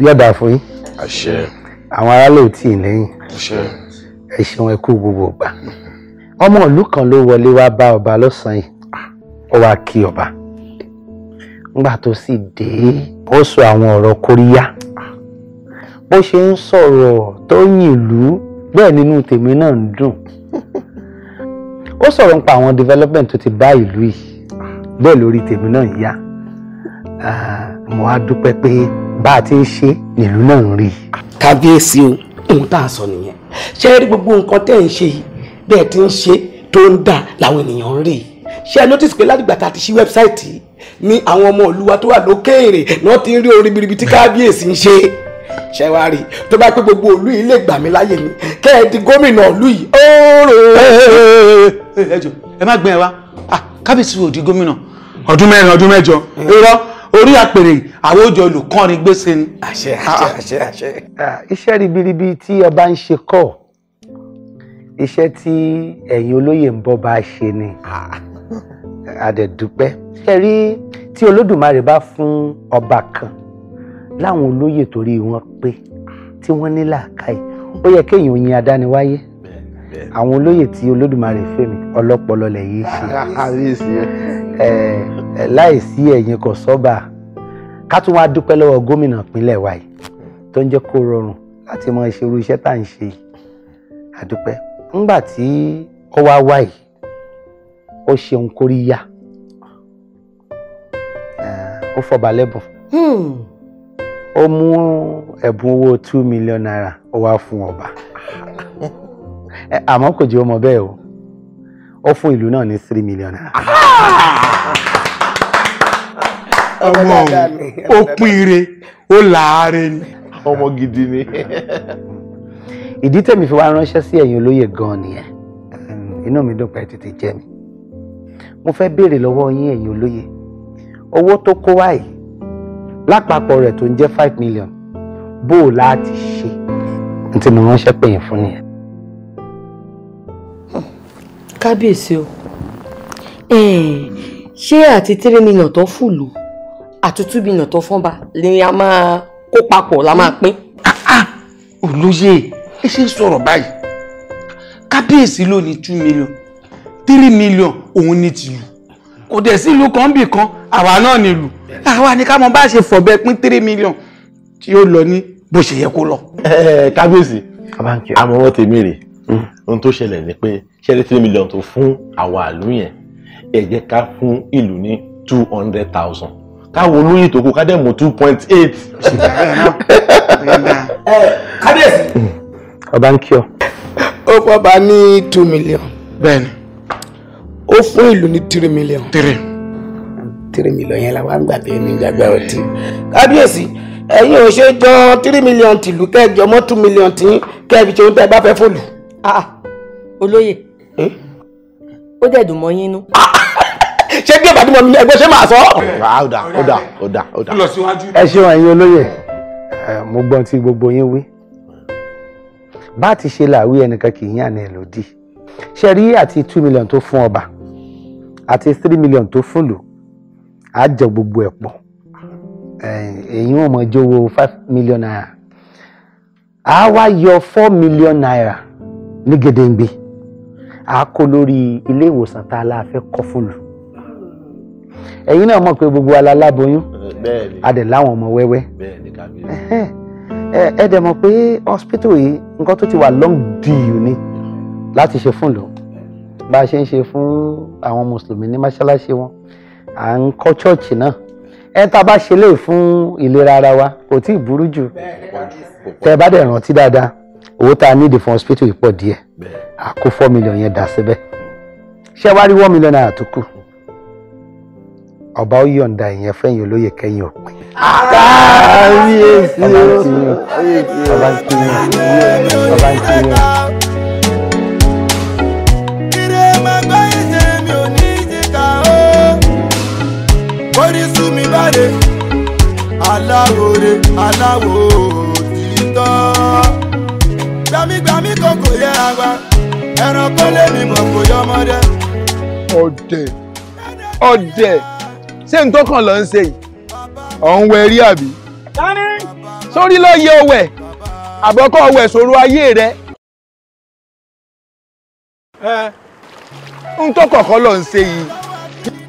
yọ̀dà fún yín àṣẹ àwọn aráàlú ò tì í lẹ́yìn àṣẹ ẹ ṣeun ẹ kú gbogbo ìgbà ọmọ ìlú kan ló wọlé wá bá ọba lọ́sàn-án yìí ó wá kí ọba nígbà tó sì dé ó sọ àwọn ọ̀rọ̀ kóríyá bó ṣe ń sọ̀rọ̀ tó yìn lù bẹ́ẹ̀ nínú tèmi náà ń dùn ó sọ̀rọ̀ nípa àwọn development tó ti bá ìlú yìí bẹ́ẹ̀ lórí tèmi náà yá ah, mo á dúpẹ́ pé bá a ti ń ṣe nílùú náà ń rí. kábíyèsí o ohun tá a sọ nìyẹn ṣé rí gbogbo nǹkan tẹ́ ẹ̀ ń ṣe yìí bẹ́ẹ̀ ti ń ṣe tó ń dà làwọn ènìyàn ń rí i ṣé ẹ notice pé látìgbà tá a ti ṣí wẹ́bsáìtì ni àwọn ọmọ ìlú wa tó wà lókèèrè náà ti ń rí orin biribi tí kábíyèsí ń ṣe ṣe wá rí tó bá pé gbogbo ìlú yìí lè gbà mí láyè ni kẹ́ ẹ di gómìnà ìlú yìí ooo. ẹ jọ ẹ má gbẹ ẹ wá ah, kábíyèsí ò di gómìnà ọdún mẹ́rin ọdún mẹ́jọ hmm. irọ́ orí àpèrè àwọn òjò olùkọrin gbèsè ni. àṣẹ ah, ah. àṣẹ àṣẹ. iṣẹ́ ribiribi tí ọba ń ṣe kọ́ iṣẹ́ tí ẹ̀yin olóyè ń bọ́ bá a ṣe ni a dẹ̀ tí olódùmarè bá fún ọba kan láwọn olóyè torí wọn pé tí wọ́n ní làákàyè ó yẹ kéèyàn yin adániwáyé àwọn olóyè tí olódùmarè fẹ́mi ọlọ́pọlọ lẹ̀ yìí ṣe láìsí ẹ̀yin kò sọ́ba ká tún wá dúpẹ́ lọ́wọ́ gómìnà ìpínlẹ̀ wa yìí tó ń jẹ́ kó rọrùn láti mọ ìṣerú iṣẹ́ tá à ń ṣe yìí àdúpẹ́ ńgbà tí ó wá wá yìí ó ṣeun kóríyá ó fọba lẹ́bùn. Hmm. ó mú ẹ̀bùn owó two million naira ó wá fún ọba àmọ́ kò jẹ́ ọmọ bẹ́ẹ̀ o ó fún ìlú náà ní three million naira. Ah! ọmọ ó pín ire ó ọmọ gidi ni. ìdí tẹ̀mí fi wá ránṣẹ́ sí ẹ̀yìn olóyè gan-an nìyẹn inú mi dùn pé béèrè lọ́wọ́ yín owó tó kó wáyìí lápapọ̀ rẹ̀ tó ń jẹ́ five million bó o láti ṣe n tí mo ránṣẹ́ pè yín fún nìyẹn. kábíyèsí o ṣé àti three million tó fùlù àti two million tó fọ́nba ni a máa kó papọ̀ la máa pín. Ah, ah, olóyè ẹ ṣe ń sọ̀rọ̀ báyìí kábíyèsí ló ní two million three million òun ní tìlù kò dẹ̀ sí ìlú kan bì kan àwa náà nílùú àwa ni ká mọ bá ṣe fọ̀bẹ pín three million tí ó lọ ní bó ṣe yẹ kó lọ. kábíyèsí àmọ́wọ́ tèmi rè hmm. ohun tó ṣẹlẹ̀ ni pé ṣẹlẹ̀ three million tó fún àwa àlú yẹn ẹ jẹ́ ká fún ìlú ní two hundred thousand káwọn olóyè tó kú kádẹ́ mọ̀ two point eight. kábíyèsí. Hmm. ọba ń kí ọ. ó fọba ní two million. bẹ́ẹ̀ni. ó fún ìlú ní three million. three three million yẹn la wá ń gbà tẹ́ ní gbàgbà ọtí kábíyèsí ẹ̀yin ò ṣe jọ three million tìlú kẹjọ mọ́ two million tí kẹ́ẹ̀bì tí òun tẹ́ bá fẹ́ fòlù. Ah, ah, olóyè ó dẹ̀ dùn mọ́ yín nú. Ah, ṣé bí ìbàdí mọ mi ẹgbẹ́ ṣé máa sọ. ó dà ó dà ó dà ó dà ẹ ṣeun ẹ̀yin olóyè mo gbọ́n tí gbogbo yín wí bá ti ṣe làwí ẹnìkan kì í yàn ní ẹlòdì ṣe rí àti two million tó fún ọba àti three million tó fún lù A jọ gbogbo ẹ̀ pọ̀ èyí wọn mọ jówó five million naira á wá yọ four million naira ní gèdèǹgbè A kó lórí ilé ìwòsàn tá a la fẹ́ kọ́ fún lù ẹ̀yin náà mọ̀ pé gbogbo wa la láboyún a dẹ̀ láwọn ọmọ wẹ́wẹ́ ẹ dẹ̀ mọ̀ pé hospital yìí nǹkan tó ti wà long due ni láti ṣe fún lò bá a ṣe ń ṣe fún àwọn mùsùlùmí ní mọ́ṣáláṣí wọn à ń kọ́ ṣọ́ọ̀ṣì náà ẹ tá a bá ṣe léè fún ìlera ara wa kò tí ì burú jù tẹ bá dẹ̀ rántí dáadáa owó tá a ní ìdí fún hospital yìí díẹ̀ a four million yẹn dà síbẹ̀ ṣé wàá rí one million naira tó kù ọba ó yọ̀ǹda ìyẹn fẹ́yìn olóyè kẹ́yìn òpin. káàárín èsì ọba ń kiri ọba ń kiri. orí sú mi báde aláwòre aláwò òtítọ́ gbàmígbàmí kò kò yẹ àgbà ẹranko lé mi mọ̀ kò yọ ọmọdé. ọdẹ ọdẹ ṣé nǹkan kan ń ṣe yìí ọ̀hún wẹ̀ rí àbí. dání. sórí ló yẹ ọwẹ́ àbọ̀kọ́ ọwẹ́ sòro ayé rẹ. ẹ ń tó kọ̀ọ̀kan ń ṣe yìí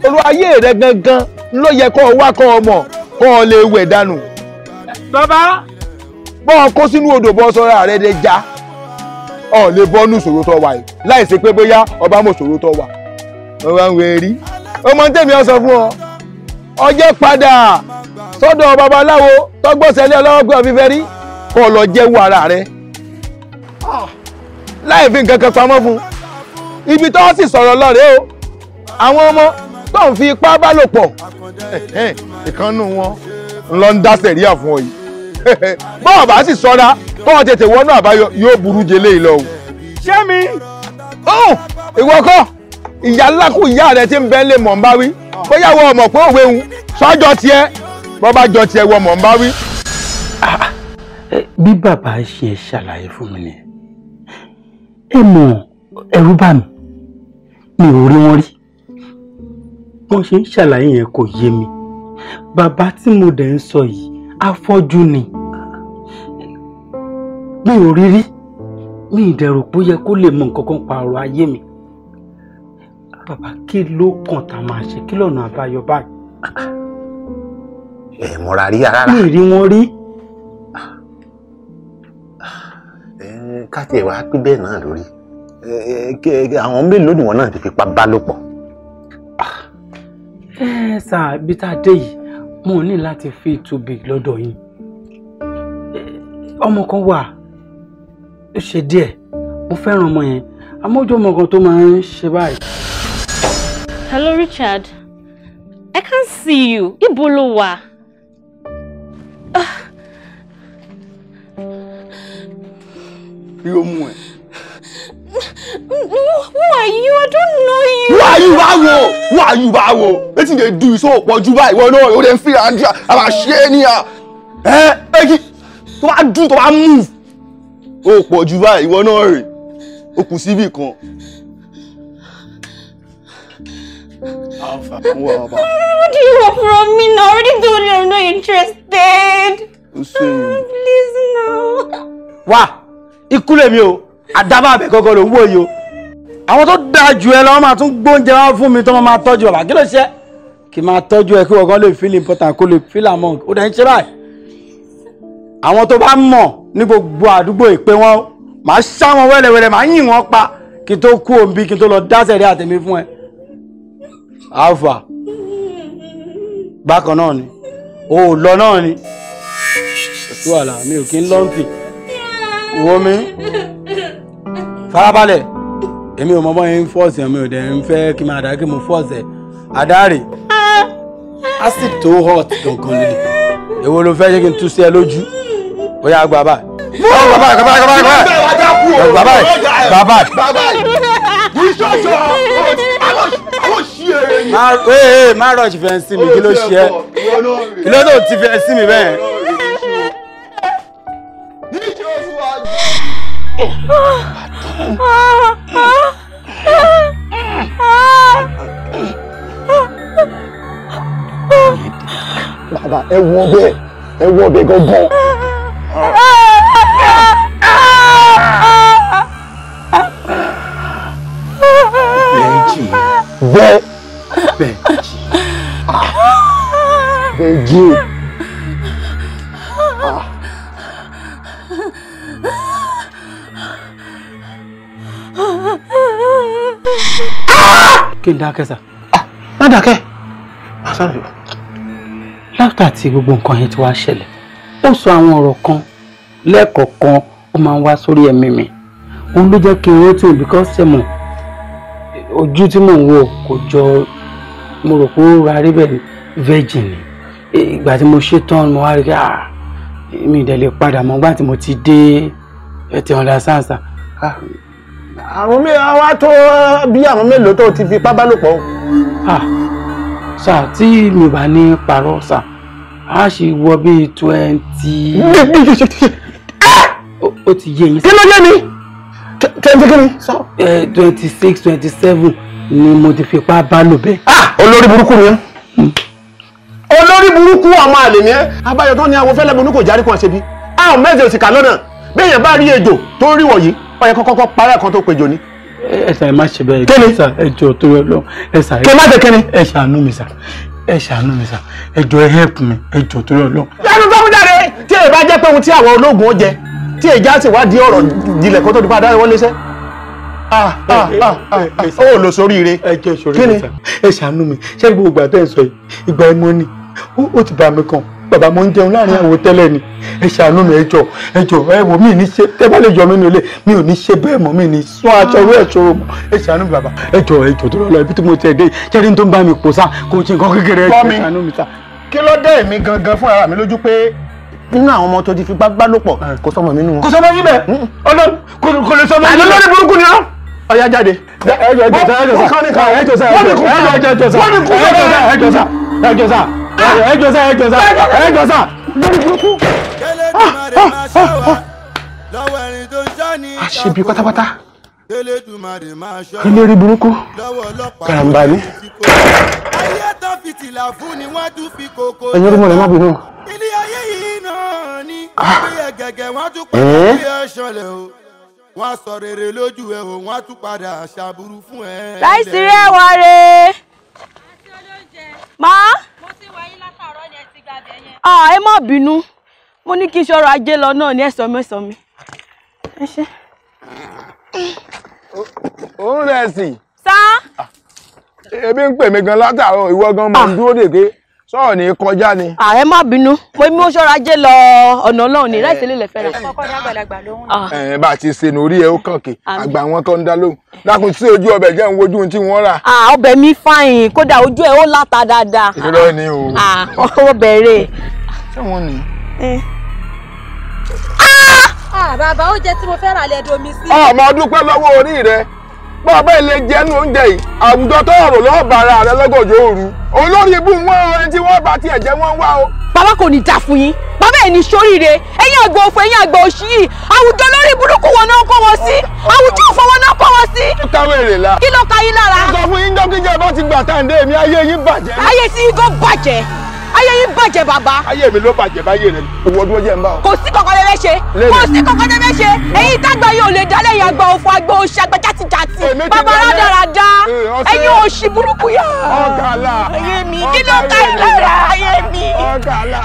sòro ayé rẹ gangan ló yẹ kọ́ ọ wá kọ́ ọ mọ̀ kọ́ ọ lè wẹ̀ dànù. bàbá. bọ́ ọ kó sínú odò bọ́ sọ́ra rẹ̀ dé já ọ lè bọ́ nù sòrò tó wà yìí láì ṣe pé bóyá ọba mọ̀ sòrò tó wà. wọ́n wá ń wẹ̀ rí ọmọ tèmi ọ sọ fún ọ ọjẹ́ padà sọ́dọ̀ babaláwo tọ́gbọ́sẹ̀lẹ̀ ọlọ́wọ́ pé ọ̀fífẹ́ rí kọ́ ọ lọ jẹ́wọ́ ara rẹ̀ láì fi nǹkan kan pamọ́ fún ibi tó sì sọ̀rọ̀ lọ́rẹ́ o àwọn ọmọ tó ń fi ipá bá lò pọ̀ ìkànnù wọn lọ ń dá sẹ̀ríà fún ọ yìí bọ́ọ̀ bá sì sọ́ra tó ọ tètè wọnú àbáyọ yóò burú jẹ léyìí lọ o. ṣé mi. ìwọ kọ́ ìyá ńlá kù ìyá rẹ ti ń bẹ́ lè mọ̀ ń bá wí bóyá wọ ọmọ pé òwe ń sọ́jọ́ tiẹ̀ bọ́ bá jọ tiẹ̀ wọ mọ̀ ń bá wí. Ah, bí bàbá ṣe ṣàlàyé fún mi ni ẹ mọ ẹrú bá mi mi ò rí wọn rí bọ́n ṣe ń ṣàlàyé yẹn kò yé mi bàbá tí mo dẹ̀ ń sọ yìí afọ́jú ni mi ò rí rí mi ìdẹ̀rù pé ó yẹ kó lè mọ nǹkan kan pa ọ̀rọ̀ ayé mi bàbá kí ló kàn tá a máa ṣe kí lọ́nà àbáyọ báyìí. ẹ mọ̀ra rí ara mi rí wọn rí. ká tiẹ̀ wá pín bẹ́ẹ̀ náà lórí àwọn mélòó ni wọn náà ti fipá bá lò pọ̀ ẹ bí tá a dé yìí mo ní láti fi tóbi lọ́dọ̀ yín ọmọ kan wà ó ṣe díẹ̀ mo fẹ́ràn ọmọ yẹn amójú ọmọ kan tó máa ń ṣe báyìí. hello Richard I can't see you ibo ló wà. ló ah. mú ẹ. who are you I don't know you. who are wá wo why you báwo wetin dey do so pọ̀ ju báyìí wọ́n náà o dey feel and a máa ṣe é níyà ẹ ẹ kí tó bá dùn tó bá move o pọ̀ ju báyìí wọ́n náà rè o kù síbì kan. Alpha, what do you want from me now? I already told you I'm not interested. Usumu. Oh, please no. Wá, ikú lèmi o, àdábàbẹ̀ gọ́gọ́ ló ń wò yìí o àwọn tó dáa jù ẹ lọ máa tún gbóúnjẹ wá fún mi tó máa tọ́jú ọ̀la kí ló ṣe kí máa tọ́jú ẹ kí wọ́n gan lè feel important kó lè feel among ó dẹ̀ ń ṣe báyìí àwọn tó bá mọ̀ ní gbogbo àdúgbò ìpè wọn màá ṣá wọn wẹ́lẹ́wẹ́lẹ́ màá yìn wọn pa kí n tó kú òǹbí kí n tó lọ dáṣẹ̀ rí àtẹ̀mí fún ẹ. alpha bákan náà ni o ò lọ náà ni ètò àlà mi ò kí ń lọ́ǹtì wo mi farabalẹ̀ èmi ò mọ bọ́ yẹn fọ́ọ̀sì mi ò ń fẹ́ kí máa dà kí mo fọ́ọ̀sì ẹ̀ acid tó hot gangan lè èwo ló fẹ́ ṣe kí n tú sí ẹ lójú ó yà gba bá bàbá bàbá bàbá bàbá bàbá bàbá má rọ̀ṣì fẹ́ sí mi kí ló ṣe ẹ́ kí ló tó ti fẹ́ sí mi bẹ́ẹ̀. Oh bàbá ẹ wọ ọbẹ ẹ wọ ọbẹ gangan. bẹ́ẹ̀ bẹ́ẹ̀ ah. bẹ́ẹ̀ jí ah. o. kí n dákẹ́ sà. má dákẹ́ má sáré o. láfíà tí gbogbo nǹkan yẹn ti wá ṣẹlẹ̀ ó sọ àwọn ọ̀rọ̀ kan lẹ́ẹ̀kọ̀ọ̀kan ó máa ń wá sórí ẹ̀mí mi òun ló jẹ́ kí n rántí òun because ṣe mọ̀ ojú tí mò ń wò kò jọ mo rò pé ó ra rí virgin ni ìgbà tí mo ṣe tán mo wá rí kí ah, mi ìdẹ̀lẹ̀ padà mọ́ gbà tí mo ti dé ẹ̀tẹ̀ ọ̀la sáǹsà àwọn mẹ́wàá wá tó eh, bí àwọn mélòó tó ti fipá bá lò pọ̀. ṣáà tí mi bá ní parọ́ ṣá a ṣe wọ bíi twenty. ó ti yé yín. kí ló dé mi twenty kí ni. Eh, twenty six twenty seven ni mo ti fipá bá lò bẹ́ẹ̀. olórí burúkú ni ẹ́ hmm. olórí burúkú ọmọ àlè ni ẹ́ abáyọ̀ tó ní àwọn fẹ́lẹ́ bonú kò járí kan ṣe bí àwọn mẹ́sẹ̀ òsìkà lọ́nà bẹ́ẹ̀ yẹn bá rí ejò tó rí wọ̀nyí ó yẹ kọ́kọ́ parẹ́ kan tó péjọ ni. ẹsà ẹ má ṣe bẹ́ẹ̀ kí sà ẹjọ́ tó yẹ lọ ẹsà ẹ. kí má ṣe kí ni. ẹ ṣàánú mi sà ẹ ṣàánú mi sà ẹjọ́ ẹ help mi ẹjọ́ tó yẹ lọ. lẹ́nu tó ń dáre tí èyí bá jẹ́ pé ohun tí àwọn ológun ó jẹ tí èyí já sì wádìí ọ̀rọ̀ jìnlẹ̀ kó tó di pa adáyẹwọ́ léṣẹ́ ah ah, ah ah ah ó lọ sóríire kí ni. ẹ ṣàánú mi ṣé gbogbo àtẹ̀ ń sọ yìí ìgbà ẹ mọ́ ni ó ti bá mi kàn bàbá mo ń jẹun láàrin àwò tẹ́lẹ̀ ni ẹ ṣàánú mi ẹ jọ̀ọ́ ẹ jọ̀ọ́ ẹ wò mí ní ṣe tẹ́ bá lè yọ mí ní ilé mi ò ní ṣe bẹ́ẹ̀ mọ́ mi ní sún aṣọ orí ẹ̀ ṣòro mọ́ ẹ ṣàánú mi bàbá ẹ jọ̀ọ́ ẹ jọ̀ọ́ tó lọ́ọ́ ibi tí mo tiẹ̀ dé jẹ́rí tó ń bá mi pò sá kò ṣe nǹkan kékeré ẹ jọ̀ọ́ ṣàánú mi sá. kí ló dé èmi gangan fún ara mi lójú pé nínú àwọn ọmọ tó ti fipá gbá lò pọ̀ kò sọmọ mi nù wọn. kò sọmọ ẹ jọ sá ẹ jọ sá ẹ ah, ah, ah, burúkú karamba ni. ẹ̀yin orúkọ rẹ̀ má bínú. o wọ́n sọ rere lójú ẹ̀ láìsí rẹ̀ wọ́n re. máa ah ẹ má bínú mo ní kí n ṣọrọ ajé lọ náà ní ẹsọ mẹsọ mi ẹ ṣe. òun rẹ̀ sì. sá. Ah, ebi ń pè mí gan látàárọ̀ ìwọ gan mọ̀ ah. ń dúró dè sọ́ọ̀ ní kọjá ni. ààrẹ má bínú mo mú ṣọ́ra jẹ́ lọ ọ̀nà ọlọ́run ní láìsí lè fẹ́ràn. ẹ bá a ti ṣe nù orí ẹ ó kànkè àgbà wọn kan ń dá lóhùn dákun sí ojú ọbẹ̀ jẹ́ ń wojú ohun tí wọ́n rà. ọbẹ̀ mi fàyìn kódà ojú ẹ ó láta dáadáa. irọ́ ni o. ọwọ́ bẹ̀rẹ̀. ṣé wọ́n ní. Ah! Ah, bàbá oúnjẹ tí mo fẹ́ rà lẹ́ẹ̀dọ̀ mi sí. ọmọ ah, dúpẹ́ lọ́wọ́ orí rẹ bọ́ ọ bẹ́ẹ̀ lè jẹ́nu oúnjẹ yìí àwùjọ tó ọ̀rọ̀ lọ́wọ́ bàrà rẹ lọ́gọ̀jọ́ òru olórí ibú wọn ẹni tí wọ́n bá tiẹ̀ jẹ́ wọ́n wá o. bàbá kò ní dà fún yín bàbá ẹ̀ ní sóríire ẹ̀yin àgbà òfò ẹ̀yin àgbà òṣì yìí àwùjọ lórí burúkú wọn náà kó wọn sí àwùjọ òfò wọn náà kó wọn sí. ó káwé èrè la. kí ló ka yín lára. ó sọ fún yín dókítà bá ti gbà tá à ń dé èmi ayé yín bàjẹ́. ayé tí yín kò bàjẹ́ ayé yín bàjẹ́ bàbá. ayé mi ló bàjẹ́ báyé rẹ owó dúró jẹ́ ń bá o. kò sí kankan lẹ́fẹ́ ṣe kò sí kankan lẹ́fẹ́ ṣe ẹ̀yin tágbà yìí ò lè dá lẹ́yìn àgbà òfò àgbà òṣì àgbà játijàti bàbá rádaràda ẹ̀yin òṣì burúkú yá. ọ̀gàlà ayé mi kí ló ka ẹ̀ lára ayé mi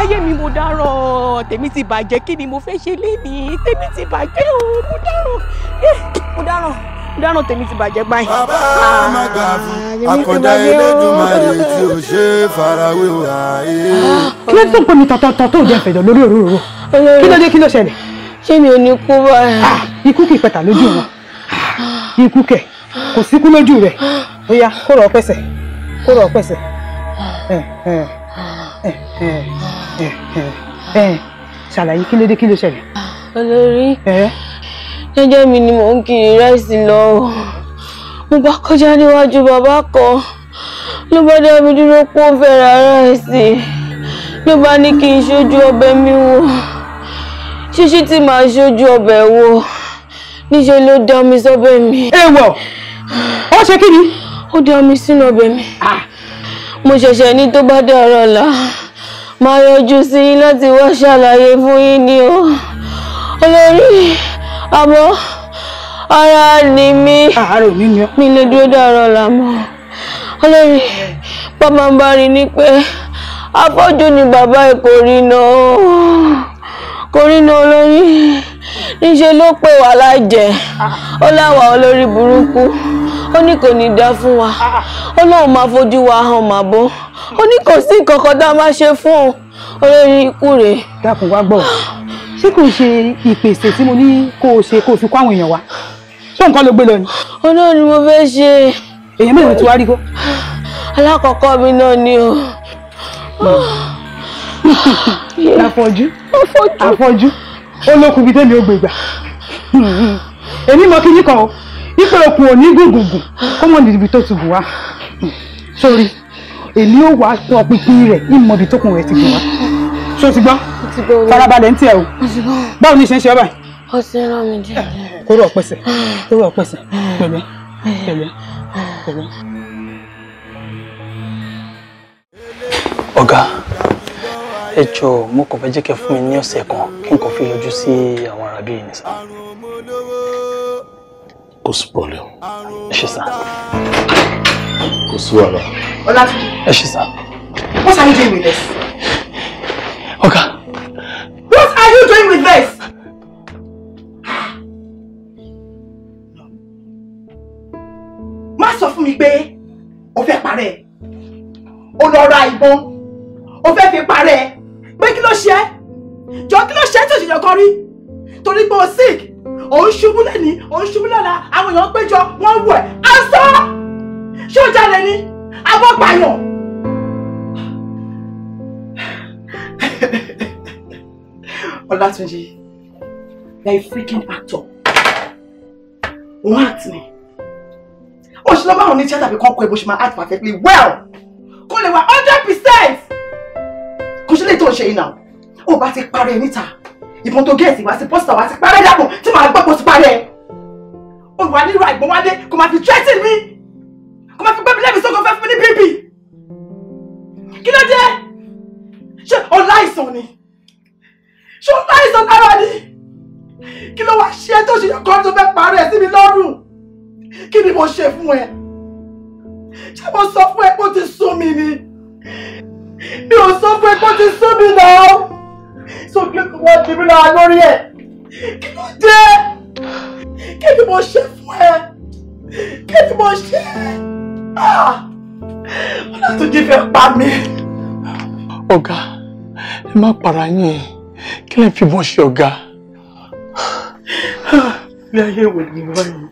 ayé mi mo dárọ̀ tèmi ti bàjẹ́ kí ni mo fẹ́ ṣe lé mi tèmi ti bàjẹ́ o mo dárọ̀ eh, mo dárọ̀ ìdáná tèmi ti bàjẹ́ báyìí. bàbá ah. má gbà fún àkàndá ah, tí ò ṣe é o àyè. Ah. kí ló dé pé mi tọ̀tọ̀ tó jẹ́ fẹ̀dọ̀ lórí òróró eh. kí ló dé kí ló ṣẹlẹ̀. ṣé mi ò ní kú báyìí. ikú kì í pẹ̀tà lójú wọn ikú kẹ̀ kò síkú lójú rẹ̀ ó kó rọ̀ pẹ̀sẹ̀ kó rọ̀ pẹ̀sẹ̀ eh, eh, ṣàlàyé kí ló dé kí ló ṣẹlẹ̀. olórí jẹ́jẹ́ mi ni mò ń kiri rẹ́sì lọ mo bá kọjá níwájú bàbá kan ló bá dá mi dúró pé ó fẹ́ ra rẹ́sì ló bá ní kí n ṣojú ọbẹ̀ mi wò ṣíṣí tí màá ṣojú ọbẹ̀ wò níṣẹ́ ló dá mi sọ́bẹ̀ mi. èèwọ̀ ó ṣe kí ni. ó dá mi sínú ọbẹ̀ mi mo ṣẹ̀ṣẹ̀ ní tó bá dára ọ̀la máa yọjú sí yín láti wá ṣàlàyé fún yín ni ó olórí àmọ́ ara ni mi àárò mi ni mi lè dúró dàrọ làmọ olórí pàmàbárì ni pé afọ́jú ni bàbá ẹ̀ kò rí náà kò rí náà olórí níṣẹ́ ló pè wá lájẹ́ ó láwa olórí burúkú ó ní kò ní dá fún wa ó máa fojú wa hàn màbó ó ní kò sí kankan tá a máa ṣe fún òun olórí ikú rèé. dákun wá gbọ́ ṣé kò ṣe ìpèsè tí mo ní kó o ṣe kó o fi kó àwọn èèyàn wá ṣé nǹkan ló gbé lọ ni. olóò ni mo fẹ́ ṣe. èèyàn mélòó ti wá rí kó. alákọ̀ọ́kọ́ mi náà ni o. Hmm. àfọ̀jú àfọ̀jú olókùn bíi tẹ́mi ó gbègbà èmi mọ kíní kan o ipò òkun ò ní gùngùngùn kó mọ̀ níbi tó ti bù wá sórí èmi ó wàá pọ̀ pínpín rẹ̀ ìmọ̀bi tó kùn rẹ̀ ti bù wá ṣó ti gbọ́ farabalẹ̀ ń tiẹ̀ o báwo ni ṣe ń ṣe ọ́ báyìí. ó ti rán mi díẹ̀ díẹ̀. kóró ọ̀pẹ̀sẹ̀ kóró ọ̀pẹ̀sẹ̀ pẹ̀lẹ́ pẹ̀lẹ́ pẹ̀lẹ́. ọ̀gá ẹ jọ mo kàn fẹ́ jẹ́ kẹ́ fún mi ní ọ̀sẹ̀ kan kí n kò fi yọjú sí àwọn arábí yìí nìsa. kò sí pọ́lẹ̀ ẹ ṣe sá. kò sí wàhálà. ọlá tuntun. ẹ ṣe sá. wọ́n sáré jẹ́ ìrẹ̀lẹ̀ sí What are you doing with this? Má of fún mi pé o fẹ́ parẹ́ o lọ ra ìbọn o fẹ́ fi parẹ́ pé kí ló ṣe é jọ kí ló ṣe é tí òṣèjọ kan rí torí pé o sick o ń ṣubú lẹ́ni o ń ṣubú lọ́la àwọn èèyàn péjọ wọ́n wù ẹ́ á sọ ṣé o Olatunji, you're a freaking actor. what me? Oh, Ó ṣe lọ bá àwọn oníṣẹ́ tàbí kọ́kọ́ ẹ bó ṣe máa act perfectly well. Kó lè wá hundred percent. Kò ṣe lè tó ṣe now. Oh, but bá ti parẹ́ níta. Ìbọn tó gẹ̀ẹ́sì wá sí to. wá sí parẹ́ dàpọ̀ tí màá gbọ́ pọ̀ sí parẹ́. Olùwà nílò àìgbọ́n wálé kò máa fi threaten mi. Kò máa fi gbẹ́mi lẹ́mi sọ́kàn fẹ́ fún mi ní bíbí. Kí ló dé? Ṣé ọlá ìsàn ni? ṣó láìsàn lára ni kí ló wá ṣe tó ṣe kọ́ tó fẹ́ parẹ́ sí mi lọ́rùn kí ni mo ṣe fún ẹ ṣé mo sọ fún ẹ pé ó ti sún mi ni mi ò sọ fún ẹ pé ó ti sún mi náà sókè kò wọ́n di mí lára lórí ẹ̀ kí ló dé kí ni mo ṣe fún ẹ kí ni mo ṣe ah! ọlọ́túnjì fẹ́ pa mí. ọ̀gá ẹ má para yín kí lè fi bọ́ ṣe ọ̀gá ilé ayé wo ni mo wá yìí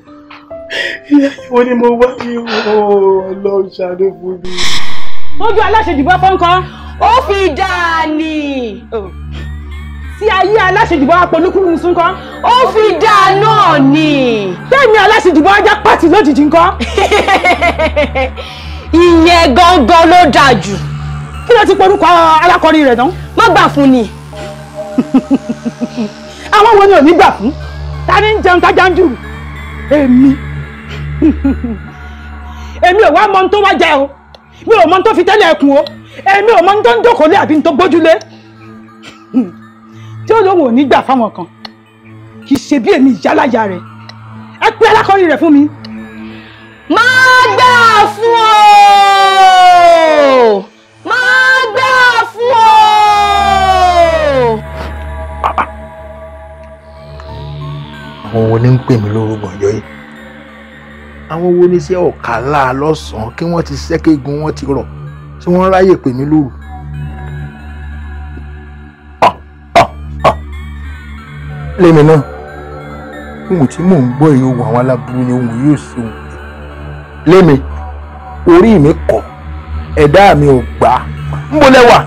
ilé ayé wo ni mo wá yìí ọlọ́run ṣàánú fún mi. wọ́n ju aláṣejù bọ́ pọ́nkọ́ ó fi dáa ni tí ayé aláṣejùbọ́ apolúkúrú súnkọ́ ó fi dáa náà ni tẹ́mi aláṣejùbọ́ ajá pàtì lójijì ńkọ́. ìyẹn gangan ló dáa jù kí ló ti porúkọ alákọ̀ọ́rí rẹ̀ náà má gbà fún ni. àwọn wo ni ò ní gbà fún ta ni ń jẹun tájá ń jùrù èmi èmi ò wá mọ ohun tó wá jẹ o mi ò mọ ohun tó fi tẹ́lẹ̀ ẹkùn o èmi ò mọ ohun tó ń dókòólé àbí ohun tó gbójúlé tí ó lóun ò ní gbà fáwọn kan kì í ṣe bí èmi ìyálàyà rẹ ẹ pé alákọ̀ọ́rí rẹ fún mi. máa gbà fún ọ. ní ń pè mí lóru gbọ̀njọ́ yìí àwọn wo ní iṣẹ́ ọ̀kà láà lọ́sàn-án kí wọ́n ti ṣẹ́kẹ́gun wọ́n ti rọ̀ tí wọ́n ráyè pè mí lóru. lẹ́mi náà ohun tí mò ń gbọ́ yìí ohun àwọn aláburú ni ohun yóò ṣe ohun lẹ́mi orí mi kọ̀ ẹ̀dá mi ò gbà ń bolẹ̀ wà.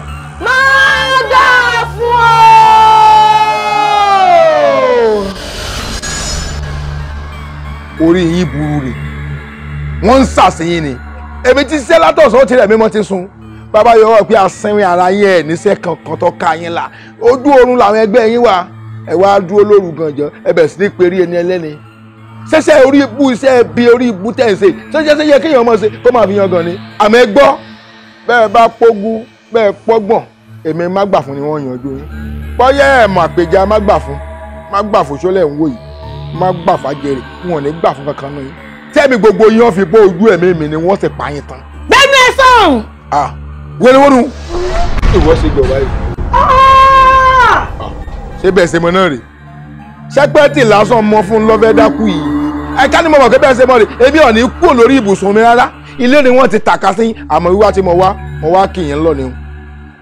orí yín burú ni wọ́n ń sàṣeyín ni èmi ti ṣiṣẹ́ látọ̀sán tirẹ̀ mímọ́ ti sun bàbá yọ ọ pé asínrin ara yín ẹ̀ níṣẹ́ kankan tó ká yín la ojú oorun làwọn ẹgbẹ́ yín wà ẹ wá dúró lóru gànjọ́ ẹ bẹ̀ sí ní perí ẹni ẹlẹ́ni ṣẹṣẹ orí ibú iṣẹ́ bí orí ibú tẹ̀ ń ṣe ṣẹṣẹ ṣe yẹ kéèyàn mọ̀ ṣe kó máa fi yan gan ni àmọ́ ẹ gbọ́ bẹ́ẹ̀ bá pógun bẹ́ẹ̀ pọ́gbọ̀n èmi má gbà fún ni wọ́n yanjú yín bọ́yá ẹ̀ mọ̀ àpèjà má gbà fún má gbà fún ṣọlẹ̀ ń wò yìí má gbà fàjẹrè wọn ò ní gbà fún kankan nù yín tẹ́mi gbogbo yín wọ́n fi bó ojú ẹ̀mí mi ni wọ́n sì pa yín tán. bẹ́ẹ̀ni ẹ sọ̀rùn. ah wẹ́rẹ́wọ́rù ìwọ ṣe jọba yìí. Ah! ṣé bẹ́ẹ̀ ṣe mọ náà rè ṣẹ́pẹ́tì lásán mọ fún lọ́fẹ́ dákú yìí ẹ̀ka ni mo mọ̀ pé bẹ́ẹ̀ ṣe mọ rè ebi ò ní kú lórí ibùsùn mi rárá ilé ni wọ́n ti tàka sí àmọ́ wíwá tí mo wá mo wá kì í ń lọ ni o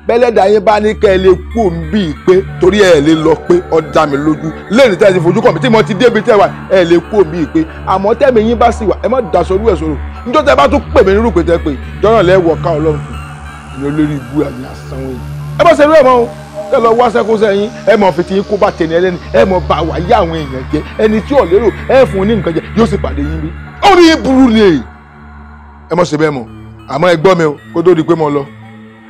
bẹ́lẹ́dà yín bá ní kẹ́ ẹ lè kú òun bí i pé torí ẹ lè lọ pé ọjà mi lójú lẹ́yìn tí a ti fojú kàn mí tí mo ti débi tẹ́ wa ẹ lè kú òun bí i pé àmọ́ tẹ́mi yín bá sì wà ẹ má daṣọ lú ẹ̀ sọ̀rọ̀ níjọ́ tẹ́ bá tún pè mí nírú pé tẹ́ pé jọ́nà lẹ́wọ̀ ká ọlọ́run fún mi lórí ibú àmì àsán wọ̀nyí. ẹ bá ṣe lóye mọ́ o ẹ lọ wá sẹ́kún sẹ́yìn ẹ mọ̀ fìtì yín kó bá tẹ̀lé ẹlẹ́ni ẹ mọ̀ bá o kó tó di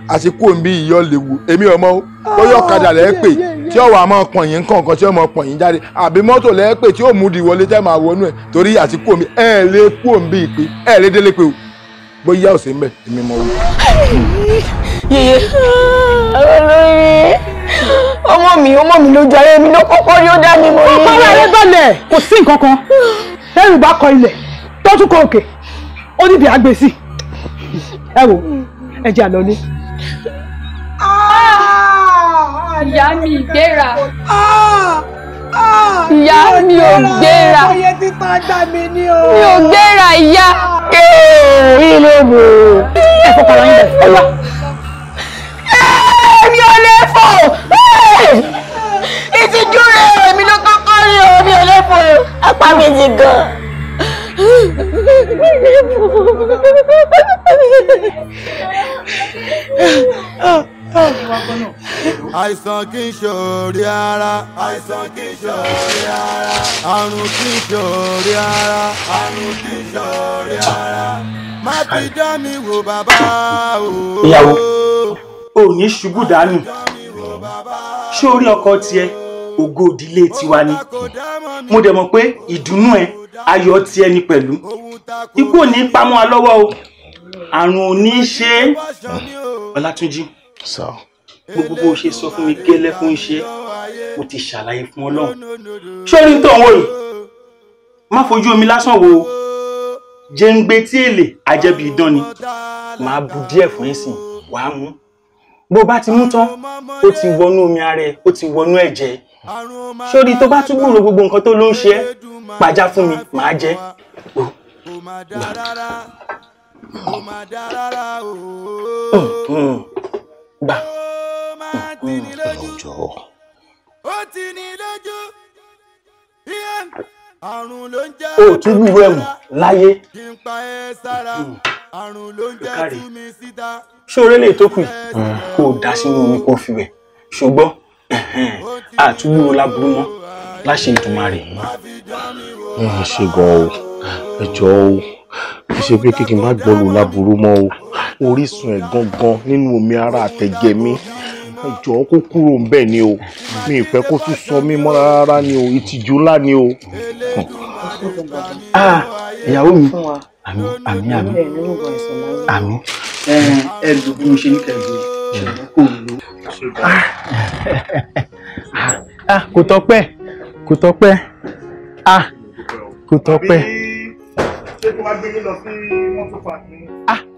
àsìkò ń bí ìyọ́ léwu èmi ọmọ o bóyá ọ̀kadà lẹ́ẹ̀ pè tí ọ̀wà máa pọ̀n yín kọ̀ọ̀kan tí ọmọ pọ̀n yín jáde àbí mọ́tò lẹ́ẹ̀ pè tí ó mú di wọlé tẹ́ máa wọnú ẹ̀ torí àsìkò mi ẹ̀ lé kú ń bí ìpè ẹ̀ lé délé pé o bóyá ò sí ń bẹ̀ èmi mọ̀ o. yèyé olórí ọmọ mi ọmọ mi lójú ayé mi ló kọ́kọ́ rí ó dá mi mọ́ yìí. ọkọ rẹ balẹ̀ kò sí nǹkan kan ẹrù bá kọ ilẹ̀ tọ́tún kọ òkè ó níbi àgbèsì ẹ wò ẹ jẹ́ àlọ́ ní ìyá mi ìgbéra. Ah, ah, ìyá mi ò gbéra. oyè títan ajá mi ni o. mi ò gbéra ìyá. ilé wo ẹ fọkàn lọ yín bẹ ẹ wá. mi ò lè fò ìtìjú rẹ̀ mi ló kọ́kọ́ rí o mi ò lè fò apá mi ti gan àìsàn kì í ṣòrí ara. àìsàn kì í ṣòrí ara. àrùn kì í ṣòrí ara. àrùn kì í ṣòrí ara. má fi dán mi wò bàbá o. ìyàwó ò ní ṣubú dànù ṣé orí ọkọ tiẹ̀ ògo ìdílé tiwa ni mo dẹ̀ mọ̀ pé ìdùnnú ẹ ayọ̀ tiẹ̀ ni pẹ̀lú ikú ò ní pamọ́ wa lọ́wọ́ o àrùn ò ní ṣe é Ọlátúnjí gbogbo bó ṣe sọ fún mi gẹ́lẹ́ fún iṣẹ́ mo ti ṣàlàyé fún ọlọ́run sórí ń wò yìí má fojú omi lásán wo jẹ́ǹgbé tí èlé àjẹbí idán ni màá bu díẹ̀ fún ìsìn wàá mú bó bá ti mú tán ó ti wọnú omi ara ẹ ó ti wọnú ẹ̀jẹ̀ sórí tó bá tún gbòòrò gbogbo nǹkan tó ló ń ṣe ẹ́ pàjá fún mi màá jẹ. Mm. mm gbà ọjọ́. ó ti ní lójú àrùn ló ń jẹ́ ó tún ní ìwé ẹ̀wọ̀n láyé. kí ẹ sára mm. àrùn ló ń jẹ́ tú mi síta. ṣé orí lè tó kù mm. kó o dá sínú omi kó o fi wẹ̀ ṣùgbọ́n àtúgbò láburú mọ́ láṣẹ ìdùnmá rẹ̀ mọ́. ẹ ṣe gan o ẹ jọ o kì í ṣe pé kí n má gbọ́ lù láburú mọ́ o orísun ẹ̀ gangan nínú omi ara àtẹ̀jẹ̀ mi jọ̀ọ́ kó kúrò ńbẹ̀ ni o mi ìfẹ́ kó tún sọ mí mọ́ rárá ni o ìtìjú ńlá ni o. ìyàwó mi àmì àmì àmì àmì. ẹ ẹ lò bí mo ṣe ní kẹgbẹ kò lò. kò tọ́pẹ́ kò tọ́pẹ́ kò tọ́pẹ́. ṣé kí wàá gbé yín lọ sí mọ́tò pàtó.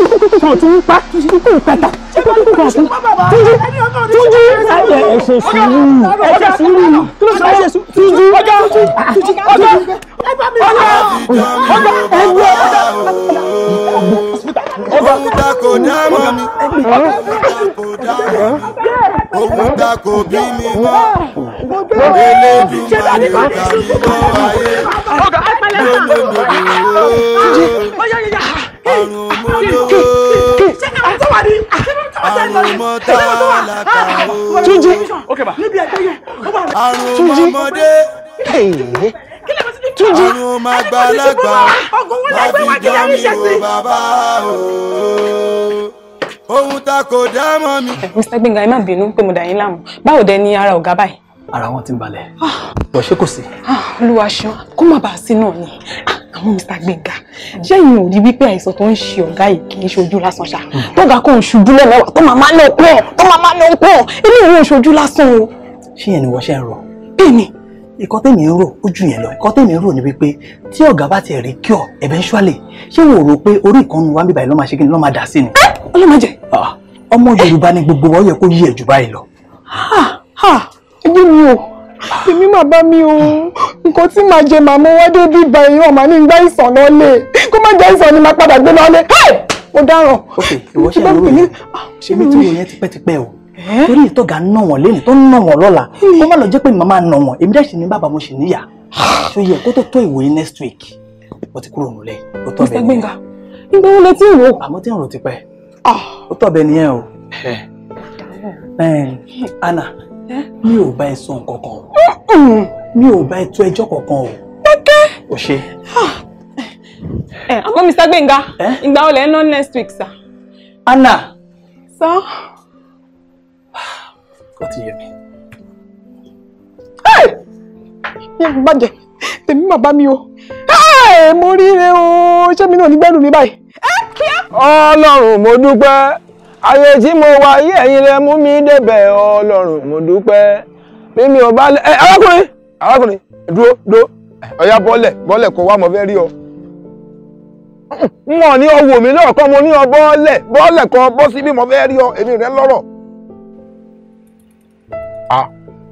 Oga, tí ń pa tí kò pẹta tí kò tó kàn fún Túnjí Túnjí ẹ ṣe sùúrù ẹ ṣe sùúrù kí ló sọ ẹ ṣe sùúrù Túnjí ọjọ́ Túnjí ọjọ́ ọjọ́ ọjọ́ ẹgbẹ́ ohun ta kò dámọ̀ mi ohun ta kò dámọ̀ mi ohun ta kò bí mi mọ́ òrèlè bí màá ní ọ̀gá mi lọ́wọ́ ayé lónìí lónìí lónìí àrùn mú lówó àrùn mọ́ tálákà ó àrùn mọ́mọdé àrùn màgbàlagbà má jọ mi wò bàbá o ohun ta kò dá mọ́ mi. Mr. Gbénga ẹ má bínú pé mo dà yín láàmú báwo dẹ ni ara ọ̀gá báyìí ara wọn ti ń balẹ̀. Ah. bọ̀ ṣé kò sí. Ah, olúwa ṣeun kó má bàa sí náà ah, àwọn Mr. Gbénga Mm. ṣé ìyẹn ò rí wípé àìsàn tó ń ṣe ọ̀gá yìí kì í ṣojú lásán ṣá tọ́gà kan ò ṣubú lẹ́mẹ̀wàá tó màmá náà pọ̀ tó màmá náà pọ̀ inú ìwé ìṣojú lásán o. ṣé ẹni wọ́n ṣe ń rọ. bẹ́ẹ̀ni. ìkan tèmi ń rò ó ju yẹn lọ ìkan tèmi ń rò ni wípé tí ọ̀gá bá ti rí kí ọ eventually ṣé wò ó rò pé orí ìkànnì wa ń bíbáyìí ló máa ṣe kí ni ló máa dà sí ni. ọlọ́mọdé. Ah, ọmọ Yorùbá ni gbogbo wa ó yẹ kó yí ẹ̀ ha ha ẹjẹ mi èmi mà bá mi o nǹkan tí màá jẹ màá mú wọ́dé bí ba èèyàn màá ní gbá ìsàn náà lé kó má jẹ́ ìsàn ni màá padà gbé náà lé mo dáràn. ok ìwọ ṣe àrò yẹn ṣe mi tí mo yẹn tipẹ́tipẹ́ o torí ìtọ́gà nà wọ́n lẹ́nu tó nà wọ́n lọ́la kó má lọ jẹ́ pé màmá nà wọ́n èmi dẹ́ sì ní bàbá mo sì níyà ṣó yẹ kó tó tó ìwòye next week wọ́n ti kúrò nílẹ̀ ó tọ́ bẹ́ẹ̀ nìyẹn. ìgbà wo lẹ ti ń wò. àmọ́ tí ń rò tipẹ́ ah mi ò bá ẹ sọ nǹkan kan mi ò bá ẹ tó ẹjọ́ kankan o. pẹ́kẹ́. o ṣe. ẹ ah. eh, àmọ́ Mr. Gbénga eh? ìgbà ọ̀lẹ́ ná next week sir. Anna. sọ. ó ti yẹ mi. ẹ bàjẹ́ tèmi bàbá mi o mo rí rẹ o ṣé mi náà ní gbẹ́rù mi báyìí. ẹ eh, kíá. Ọlọ́run mo dúpẹ́. ayé tí mo wà yí ẹ̀yin lẹ mú mi débẹ̀ ọlọ́run mo dúpẹ́ bí mi ò bá lẹ ẹ arákùnrin arákùnrin dúró dúró bọ́lẹ̀ bọ́lẹ̀ wá mo fẹ́ rí ọ. wọn ní ọwọ́ mi náà kọ́ mo ní ọ bọ́ọ̀lẹ̀ bọ́ọ̀lẹ̀ kan bọ́ sí bí mo fẹ́ rí ọ èmi rẹ lọ́rọ̀.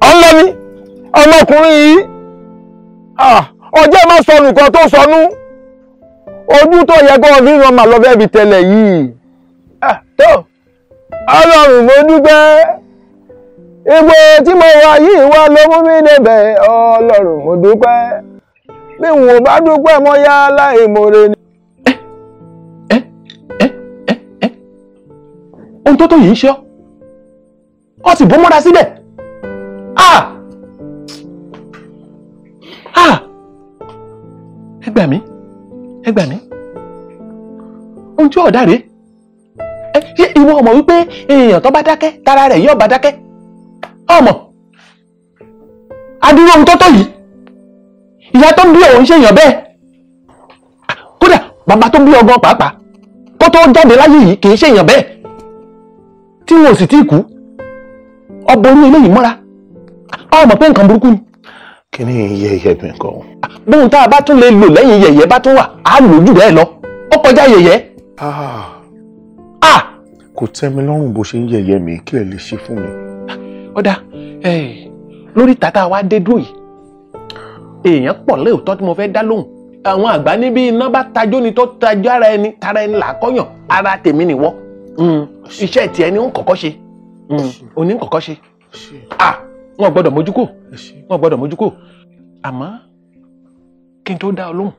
ọlọ́mi ọmọkùnrin yìí ọjọ́ máa sọnù kan tó sọnù ojú tó yẹ kó o fi ràn màlọ́fẹ́ fi tẹ̀lẹ̀ yìí. tó ọlọ́run mo dúpẹ́ ipò tí mo wà yìí wá ló mú mi débẹ̀ ọlọ́run mo dúpẹ́ bí n ò bá dúpẹ́ mo yá láìmoore ni. ohun tó tó yìí ń ṣe ọ́ ọ sì bó mọ́ra síbẹ̀ ẹ gbà mí mi, gbà mí ohun tí ọ̀dà rèé ṣé ìwọ ọmọ wípé èèyàn tó bá dákẹ́ tara rẹ̀ yóò bá dákẹ́ ọmọ adúrú ohun tọ́tọ̀ yìí ìyá tó ń bí òun ṣèyàn bẹ́ẹ̀ kódà bàbá tó ń bí ọgbọ́n pàápàá kó tó jáde láyé yìí kì í ṣèyàn bẹ́ẹ̀ tí wọn ò sì tí ì kú ọbọ orí eléyìí mọ́ra ọmọ pé nǹkan burúkú ni. kí yẹyẹ mi kọ. bóun tá a bá tún lè lò lẹ́yìn yẹyẹ bá tún wà á lò jù bẹ́ẹ̀ lọ ó kọjá yẹyẹ. ah kò tẹ́ mi lọ́rùn bó ṣe ń yẹ̀yẹ́ mi kí ẹ lè ṣe fún mi. ọ̀dà lórí tata wa dé dúró yìí èèyàn pọ̀ lóòótọ́ tí mo fẹ́ dá lóhùn àwọn àgbà níbi iná bá tajó ni tó tajó ara ẹni tara ẹni là kọ́yàn ara tèmi nìwọ hmm, iṣẹ́ tiẹ̀ ni ń kọ́kọ́ ṣe òní hmm, ń kọ́kọ́ ṣe ah wọn gbọ́dọ̀ mójú kò wọn gbọ́dọ̀ mójú kò àmọ́ kí n tó dá ọ lóhùn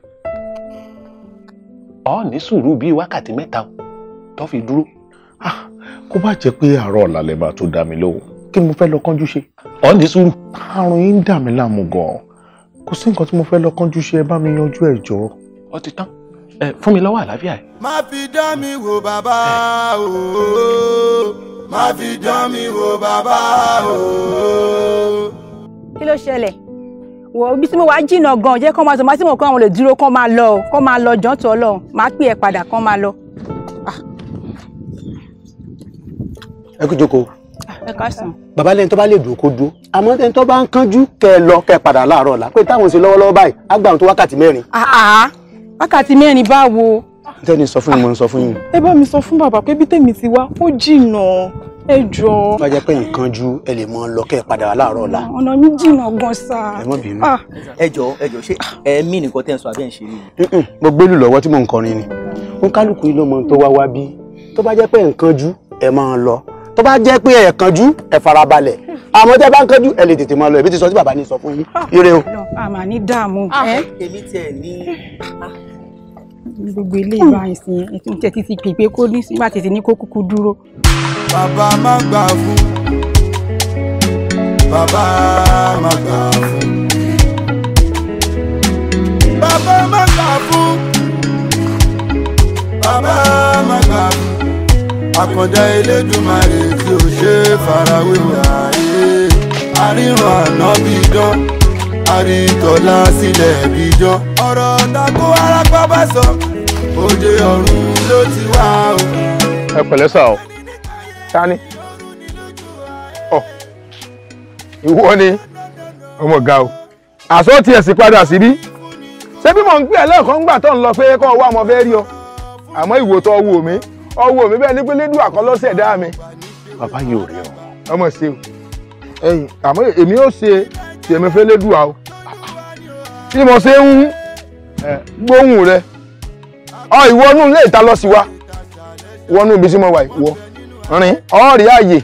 ọ ní sùúrù bíi wákàtí mẹ́ta tó fi dúró. Ah, kó bá jẹ́ pé àárọ̀ ọ̀la lè máa tó dá mi lóhùn kí ni mo fẹ́ lọ kánjú ṣe. ọ̀ ní sùúrù. àrùn yìí ń dà mí láàmú gan-an kò sí nǹkan tí mo fẹ́ lọ kánjú ṣe ẹ bá mi yanjú ẹ̀ jọ. ó ti tán ẹ fún mi lọ́wọ́ àlàáfíà ẹ. má fi dá mi wò bàbá ooo má fi dá mi wò bàbá ooo. kí ló ṣẹlẹ̀ wò ó tí mo wá jìnnà gan-an jẹ́ kán máa sọ máa tí mo kọ́ àwọn olè dúró kán máa lọ kán máa lọ jọ́ntọ́ lọ máa pè é padà kán máa lọ. ẹ kú jókòó. ẹ káàsán. bàbá lẹni tó bá lè dúró kó dúró àmọ́ ẹni tó bá ń kánjú kẹ ẹ lọ kẹ ẹ padà láàárọ̀ ọ̀la pé táwọn ń ṣe lọ́wọ́lọ́wọ́ báyìí á gbà wọn tó wákàtí mẹ́rin. àá ah, ah. wákàtí mẹ́rin báwo. tẹ́ni sọ fún mi mo ń sọ fún yín. ẹ bá mi sọ fún bàbá pé bí tèmi ti wá ó jìnnà ẹ jọ. bá jẹ́ pé nǹkan ju ẹ lè mọ lọ kẹ́ ẹ padà láàárọ̀ ọ̀la. Ah, ọ̀nà mi jìnnà gan sa. ẹ mọ bínú. ẹ jọ ẹ jọ ṣé ẹ mí nìkan tẹ́ ń sọ abẹ́ ń ṣe ni. ó ń kálukú yìí ló mọ tó wá wá bí tó bá jẹ́ pé nǹkan ju ẹ tó bá jẹ́ pé ẹ kánjú ẹ farabalẹ̀ àmọ́ tẹ́ bá ń kánjú ẹ lè tètè máa lọ ẹ̀bí ti sọ tí bàbá ní sọ fún yín ah, ire o. àmà ní dààmú. Ah, èmi tiẹ̀ ní ah. gbogbo ilé ìwà ìsìn ẹtún tẹ títí pèpè kó ní sígbà tètè ní kó kúkú dúró. bàbá má gbà fún bàbá má gbà fún bàbá má gbà fún bàbá má gbà fún àkàndá elédùnmarè tí ò ṣe é farawé wáyé àríwọ̀n àná bíi dán àrítọ́lá sílẹ̀ bíi dán. ọ̀rọ̀ ọ̀dàkó arápá bá sọ òde ọ̀run ló ti wá o. ẹ pẹ̀lẹ́ sà o ta ni ọ ìwọ ni ọmọ ga o àsọ tiẹ̀ sì padà síbí ṣé bí mò ń gbé ẹ lẹ́ẹ̀kan gbà tó ń lọ pé kọ́ ọ wá ọmọ fẹ́ rí ọ àmọ́ ìwò tó wù mí ọwọ́ mi bẹ́ẹ̀ ni pé lédùn àkọlọ́sẹ̀ dá mi. bàbá yóò rí ọ. ọmọ ṣe o ẹyin àmọ́ èmi ò ṣe tèmi fẹ́ lédùn àwọn tí mo ṣe ń gbóhùn rẹ ọ ìwọ inú ilé ìta lọ sí wa ibi tí mo wà ìwọ rìn ọ rí àyè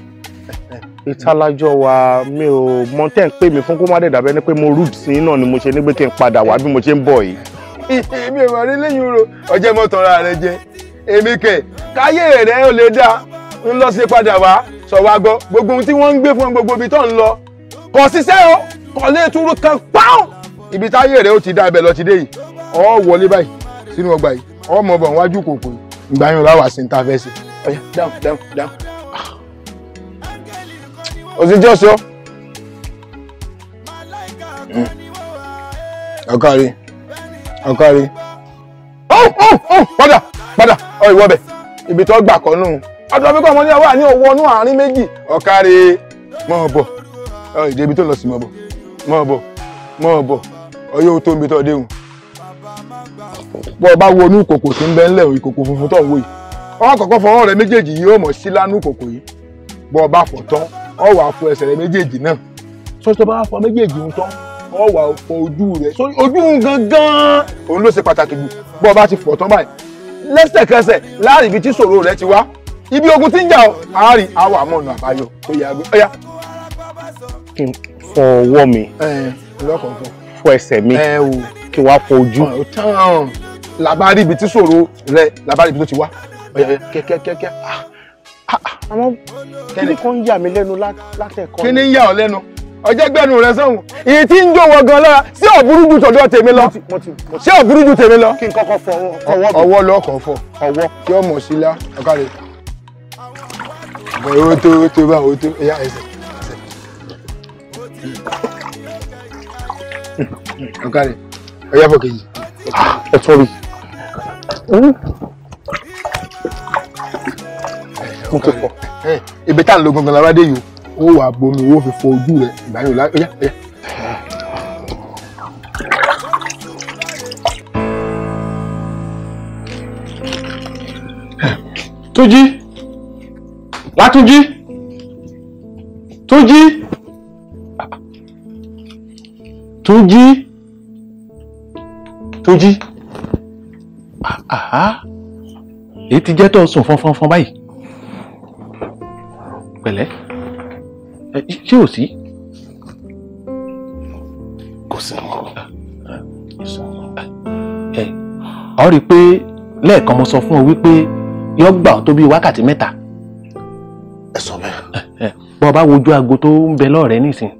ìtàlájọ wa mi ò mọ tẹ́ ń pè mí fún kó má dẹ̀dà ni mo sí náà ni mo ṣe kí n padà wá bí mo ṣe ń yìí. èmi ò mọ̀ rí lẹ́yìn èmi kẹ̀ káyé rẹ̀ ó lè dá ń lọ sí padà wá sọ̀wọ́ àgọ́ gbogbo ohun tí wọ́n ń gbé fún gbogbo ibi tó ń lọ kò ṣiṣẹ́ o kò lè túrú kan pọ́n ibi táyé rẹ̀ ó ti dá ibẹ̀ lọ ti dé yìí ọ wọlé báyìí sínú ọgbà yìí ọ mọ̀ bọ̀ wájú kòkò ìgbà yẹn láwàá sí ní ta fẹ́ sí. ọ̀yà dáhùn ọ̀kárí ọ̀kárí. ó ó ó padà ọ̀dà ọ̀ ìwọ bẹ̀ ibi tó gbà kọ́ nù. ọ̀dọ̀ fi kọ́ ọmọdé wa ní ọwọ́ inú àárín méjì ọ̀kárẹ́ mọ̀ bọ̀ ọ̀ ìdí ibi tó lọ sí mọ̀ bọ̀ mọ̀ bọ̀ mọ̀ bọ̀ ọyọ́ tó ń bi tó déhùn. bọ́ ọ bá wo inú ìkòkò tó ń bẹ ńlẹ̀ ìkòkò funfun tó ń wò yìí ọwọ́ kọ̀ọ̀kan fọwọ́ rẹ méjèèjì yóò mọ̀ sí lánú ìkòkò yìí bọ́ ọ bá fọ̀ tán ọ wà fọ ẹsẹ̀ rẹ méjèèjì náà sọ́sọ́ bá fọ méjèèjì ń tán ọ wà fọ ojú rẹ ojú gangan òun ló ṣe pàtàkì jù bọ́ ọ bá ti fọ̀ tán báyìí lẹ́sẹ̀kẹsẹ̀ láàrin ibi tí ṣòro rẹ ti wá ibi ogun tí ń jà ọ àárín àwọn àmọ́ ọ̀nà àbáyọ tó yẹ agbó ọ̀yá. kí n fọ ọwọ́ mi fọ ẹsẹ̀ mi kí wàá fọ ojú. Um, làbárí ibi tí ṣòro rẹ làbárí ibi tó ti wá kẹ́kẹ́kẹ́kẹ́. Ah, ah, ah. àmọ́ kí ni kan ń yà mí lẹ́nu látẹ̀kọ́. kí ni ń yà ọ́ lẹ́nu ọjọ́ gbẹ́nu rẹ sọ́hùn èyí tí ń jòwọ́ gan lára sí ọ̀búrú ju tọ̀dọ̀ tèmi lọ sí ọ̀búrú ju tèmi lọ. kí n kọ́kọ́ fọ ọwọ́ mi. ọwọ́ lọ́kọ̀ fọ ọwọ́ kí ọmọ sí lá ọ̀ká rẹ̀ ọ̀bọ̀ ìwé tó tó bá wo tó ẹ̀yà ẹsẹ̀ ọ̀ká rẹ̀ ọ̀yà fọ kejì ẹ̀ tún rí. n tó fọ ibi tá à ń lo gangan lára dé yìí o ó wà bomi ó fi fọ ojú rẹ ìgbà yóò láyé ọyá ọyá. Túnjí wá Túnjí Túnjí èyí ti jẹ́ tó sùn fọnfọnfọn báyìí pẹ̀lẹ́ ṣé ò sí. kò sí nǹkan. Ah, ah, ẹ ọ rí i pé lẹ́ẹ̀kan mo sọ fún ọ wípé yọ gbà ọ tó bíi wákàtí mẹ́ta. ẹ sọ bẹ́ẹ̀. Eh, eh, bọ́ọ̀ bá wojú aago tó ń bẹ lọ́ọ̀rẹ́ nísìn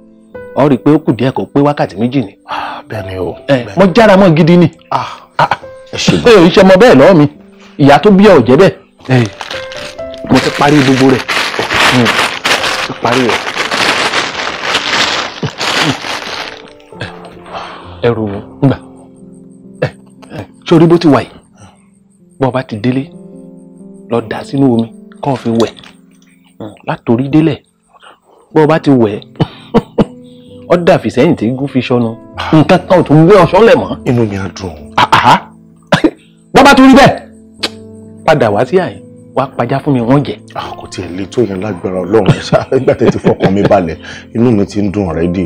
ọ rí i pé ó kù díẹ̀ kó pé wákàtí méjì ni. Ah, bẹ́ẹ̀ ni o. Eh, mo jára mọ́ gidi ni. ẹ ṣe bẹ́ẹ̀. ẹ ṣe mọ bẹ́ẹ̀ lọ́ọ́ mi ìyá tó bí ọ ò jẹ́ bẹ́ẹ̀ mo ti parí gbogbo rẹ̀ ti oh, hmm. parí rẹ̀. ẹrù gbà ẹ sórí bó ti wà yìí bọ́ọ̀ bá ti délé lọ dà sínú omi kàn fi wẹ̀ hmm, látòrí délẹ̀ bọ́ọ̀ bá ti wẹ̀ ọ́ dàfi sẹ́yìn tí gún fi sọnù nǹkan kan ò tún gbé ọṣọ lẹ̀ mọ́. inú mi á dùn. bọ́ọ̀ bá tún rí bẹ́ẹ̀ padà wá sí àyè wá pajá fún mi wọ́n jẹ. kò tiẹ̀ lè tó yẹn lágbára ọlọ́run ṣáà nígbà tẹ́ ti fọkàn mi balẹ̀ inú mi ti ń dùn already.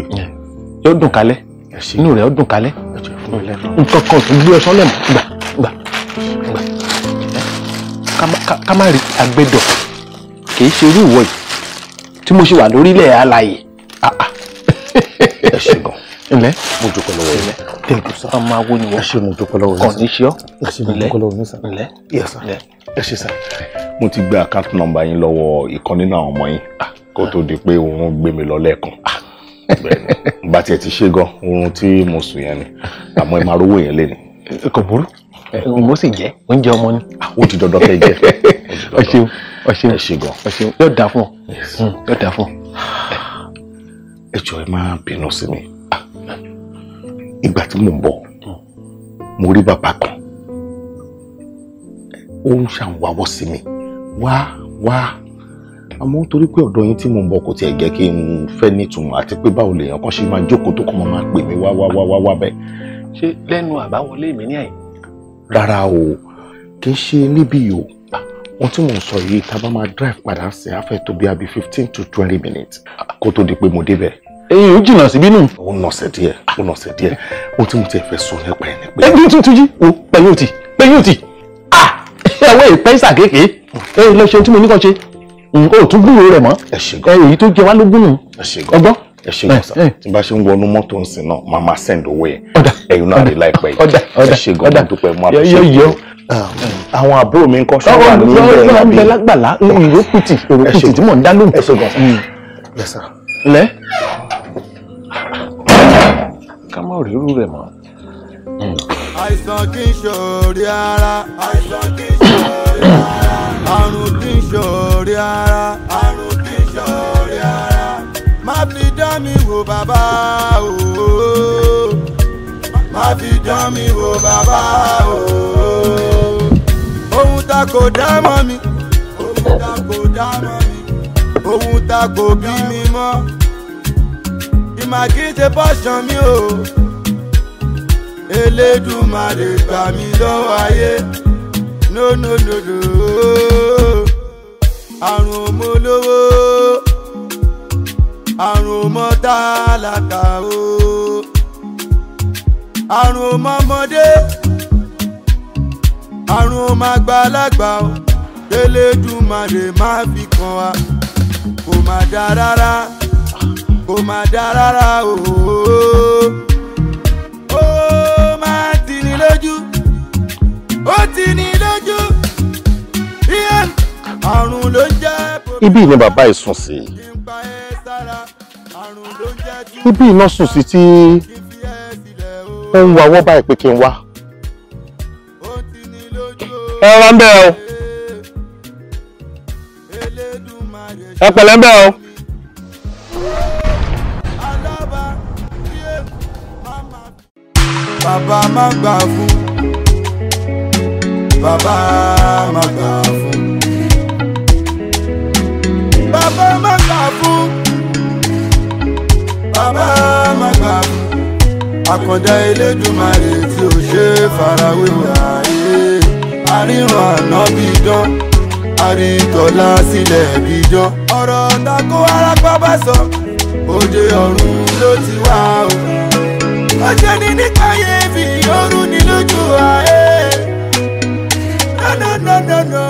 yóò dùn kalẹ̀ inú rẹ̀ ó dùn kálẹ̀ nǹkan kan tó gbé ọsán lẹ́mọ̀ gbà gbà gbà ká má rí agbẹ́dọ̀ kì í ṣe irú ìwọ yìí tí mo ṣe wà lórílẹ̀ alààyè ah, ah. ẹ ṣe gan ilẹ̀ mo dúpẹ́ lọ́wọ́ ilẹ̀ tẹ̀gùn sá ọmọ awo ni wọ́n ṣe mo dúpẹ́ lọ́wọ́ ilẹ̀ kàn ní ṣe ọ́ ẹ ṣe mo dúpẹ́ lọ́wọ́ ilẹ̀ sá mo ti gbé àkáǹtì nọ́mbà yín lọ́wọ́ ìkan nínú àwọn ọmọ yín ah. kó tó di pé òun gbé mi lọ lẹ́ẹ̀kan ìgbà tí ẹ ti ṣe gan oorun tí mo sùn yẹn ni àmọ́ ẹ máa rówó yẹn lé ni. kò burú mo sì jẹ oúnjẹ ọmọ ni. Ah, ó ti dandan kẹ jẹ. o ṣeun o ṣeun ẹ ṣe gan o ṣeun yóò dáa fún ọ hmm, yóò dáa fún ọ. ẹ jọ ẹ máa bínú sí mi ìgbà tí mò ń bọ̀ hmm. mo rí bàbá kan ó ń ṣàwáwọ́ sí mi wá wá àmọ́ torí pé ọ̀dọ̀ yín tí mo ń bọ̀ kò tiẹ̀ jẹ́ kí n fẹ́ nítumọ̀ àti pé báwo lèèyàn kan ṣe máa jókòó tó kọ́ mọ́ máa pè mí wá wá wá wá wá bẹ́ẹ̀. ṣé lẹ́nu àbáwọlé mi ní àyè. rárá o kì í ṣe níbí o ohun tí mò ń sọ yìí tá a bá máa drive padà sí afẹ́ tó bí abi fifteen to twenty minutes kó tó di pé mo débẹ̀. ẹyin ò jìnnà síbí nù. ó nọ̀sẹ̀ díẹ̀ ó nọ̀sẹ̀ díẹ̀ ohun tí mo ti fẹ́ sọ nípa ẹ̀ ni pé. ẹgbẹ́ tuntun jí o pẹ̀lú òtì pẹ̀lú ah ẹ̀wọ̀n ìpẹ́sà kéèké mm. ẹ lọ ṣe ohun tí mo ní kàn ṣe o tún gbúròó rẹ̀ mọ́ èyí tó jẹ wá lógún nù ọgbọ́n. ẹ ṣe gan sa tí bá ṣe ń wọnú mọ́tò ń sìn náà máa send owó yẹn ẹ̀yin náà rí láìpẹ́ yìí ẹ ṣe gan mo dúpẹ́ mo àbẹ̀ṣe gan ah, àwọn àbúrò mi ń kọ́ ṣọ́ọ́ wà lórí bẹ́ẹ̀ lábí ẹ lágbàlá ìrókùtì ìrókùtì tí mò ń dá lóhùn. ẹ ṣe gan sa mm. lẹ́ ká má rí irú rẹ̀ mọ́ mm. àìsàn kì í ṣòrí ara àìsàn kì í ṣòrí ara àrùn ṣòrí ara. àrùn kì í ṣòrí ara. má fi dán mi wò bàbá o. má fi dán mi wò bàbá o. ohun ta kò dá mọ́ mi. ohun ta kò dá mọ́ mi. ohun ta kò bí mi mọ́. ìmà kì í ṣe pọ́ṣán mi o. Elédùmarè gbà mí lọ́wọ́ ayé no no no no àrùn mọ lówó àrùn mọ tálákà o àrùn mọ ọmọdé àrùn mọ àgbàlagbà o Elédùmarè má fi kàn wá kò má dá rárá kò má dá rárá o ó má ní lójú. Yeah ibi ni bàbá yìí sí ibi iná sùn sí tí ó ń wa wọ́n báyìí pé kí n wá. ẹ wá ń bẹ̀ o ẹ pẹ̀lẹ́ ń bẹ̀ o. bàbá má gbà fún fún bàbá má gbà fún àkàndá elédùnmarè tí ò ṣe farawé wàyé àríran àná bídán àrítọ́lá sílẹ̀ bídán ọ̀rọ̀ ọ̀dàkó arápá bá sọ òde ọ̀run ló ti wá o ọjọ́ ní nípa yẹ́bí ọ̀run ní lójú ààyè nọ́nọ́nọ́nọ́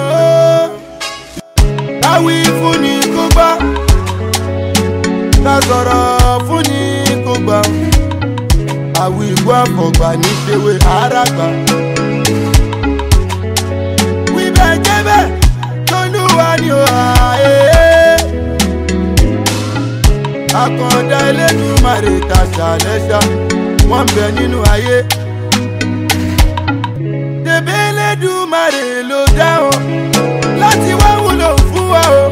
báwí fún ni kó gbọ́ ká sọ̀rọ̀ fún ní kó gbà àwọn ìlú àfọ̀gbà ní ṣèwé àràgbà. wíbẹ̀ jẹ́bẹ̀ tólúwa ni ó àyè. Eh, eh. àkàndá Elédùmarè tàṣà lẹ́ṣà wọ́n bẹ nínú ayé. tèbí Elédùmarè ló dáhùn láti wá wúlò fún wa o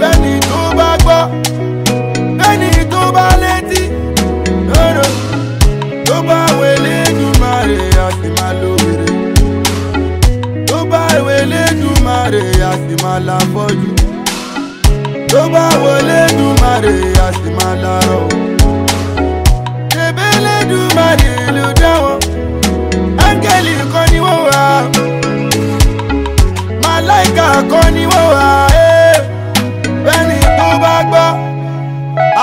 bẹ́ẹ̀ ni. sì máa lóore tó bá ìwé lẹ́dùnmáre a sì máa la fọ́jú tó bá wọ lẹ́dùnmáre a sì máa la rọ̀ tẹ̀bẹ́ lẹ́dùnmáre ló dá áńgẹ́lì kan ni wọ́n wà màláìka kan ni wọ́n wà bẹ́ẹ̀ ni tó bá gbọ́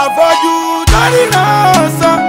àfọ́jú tó rí náà sàn.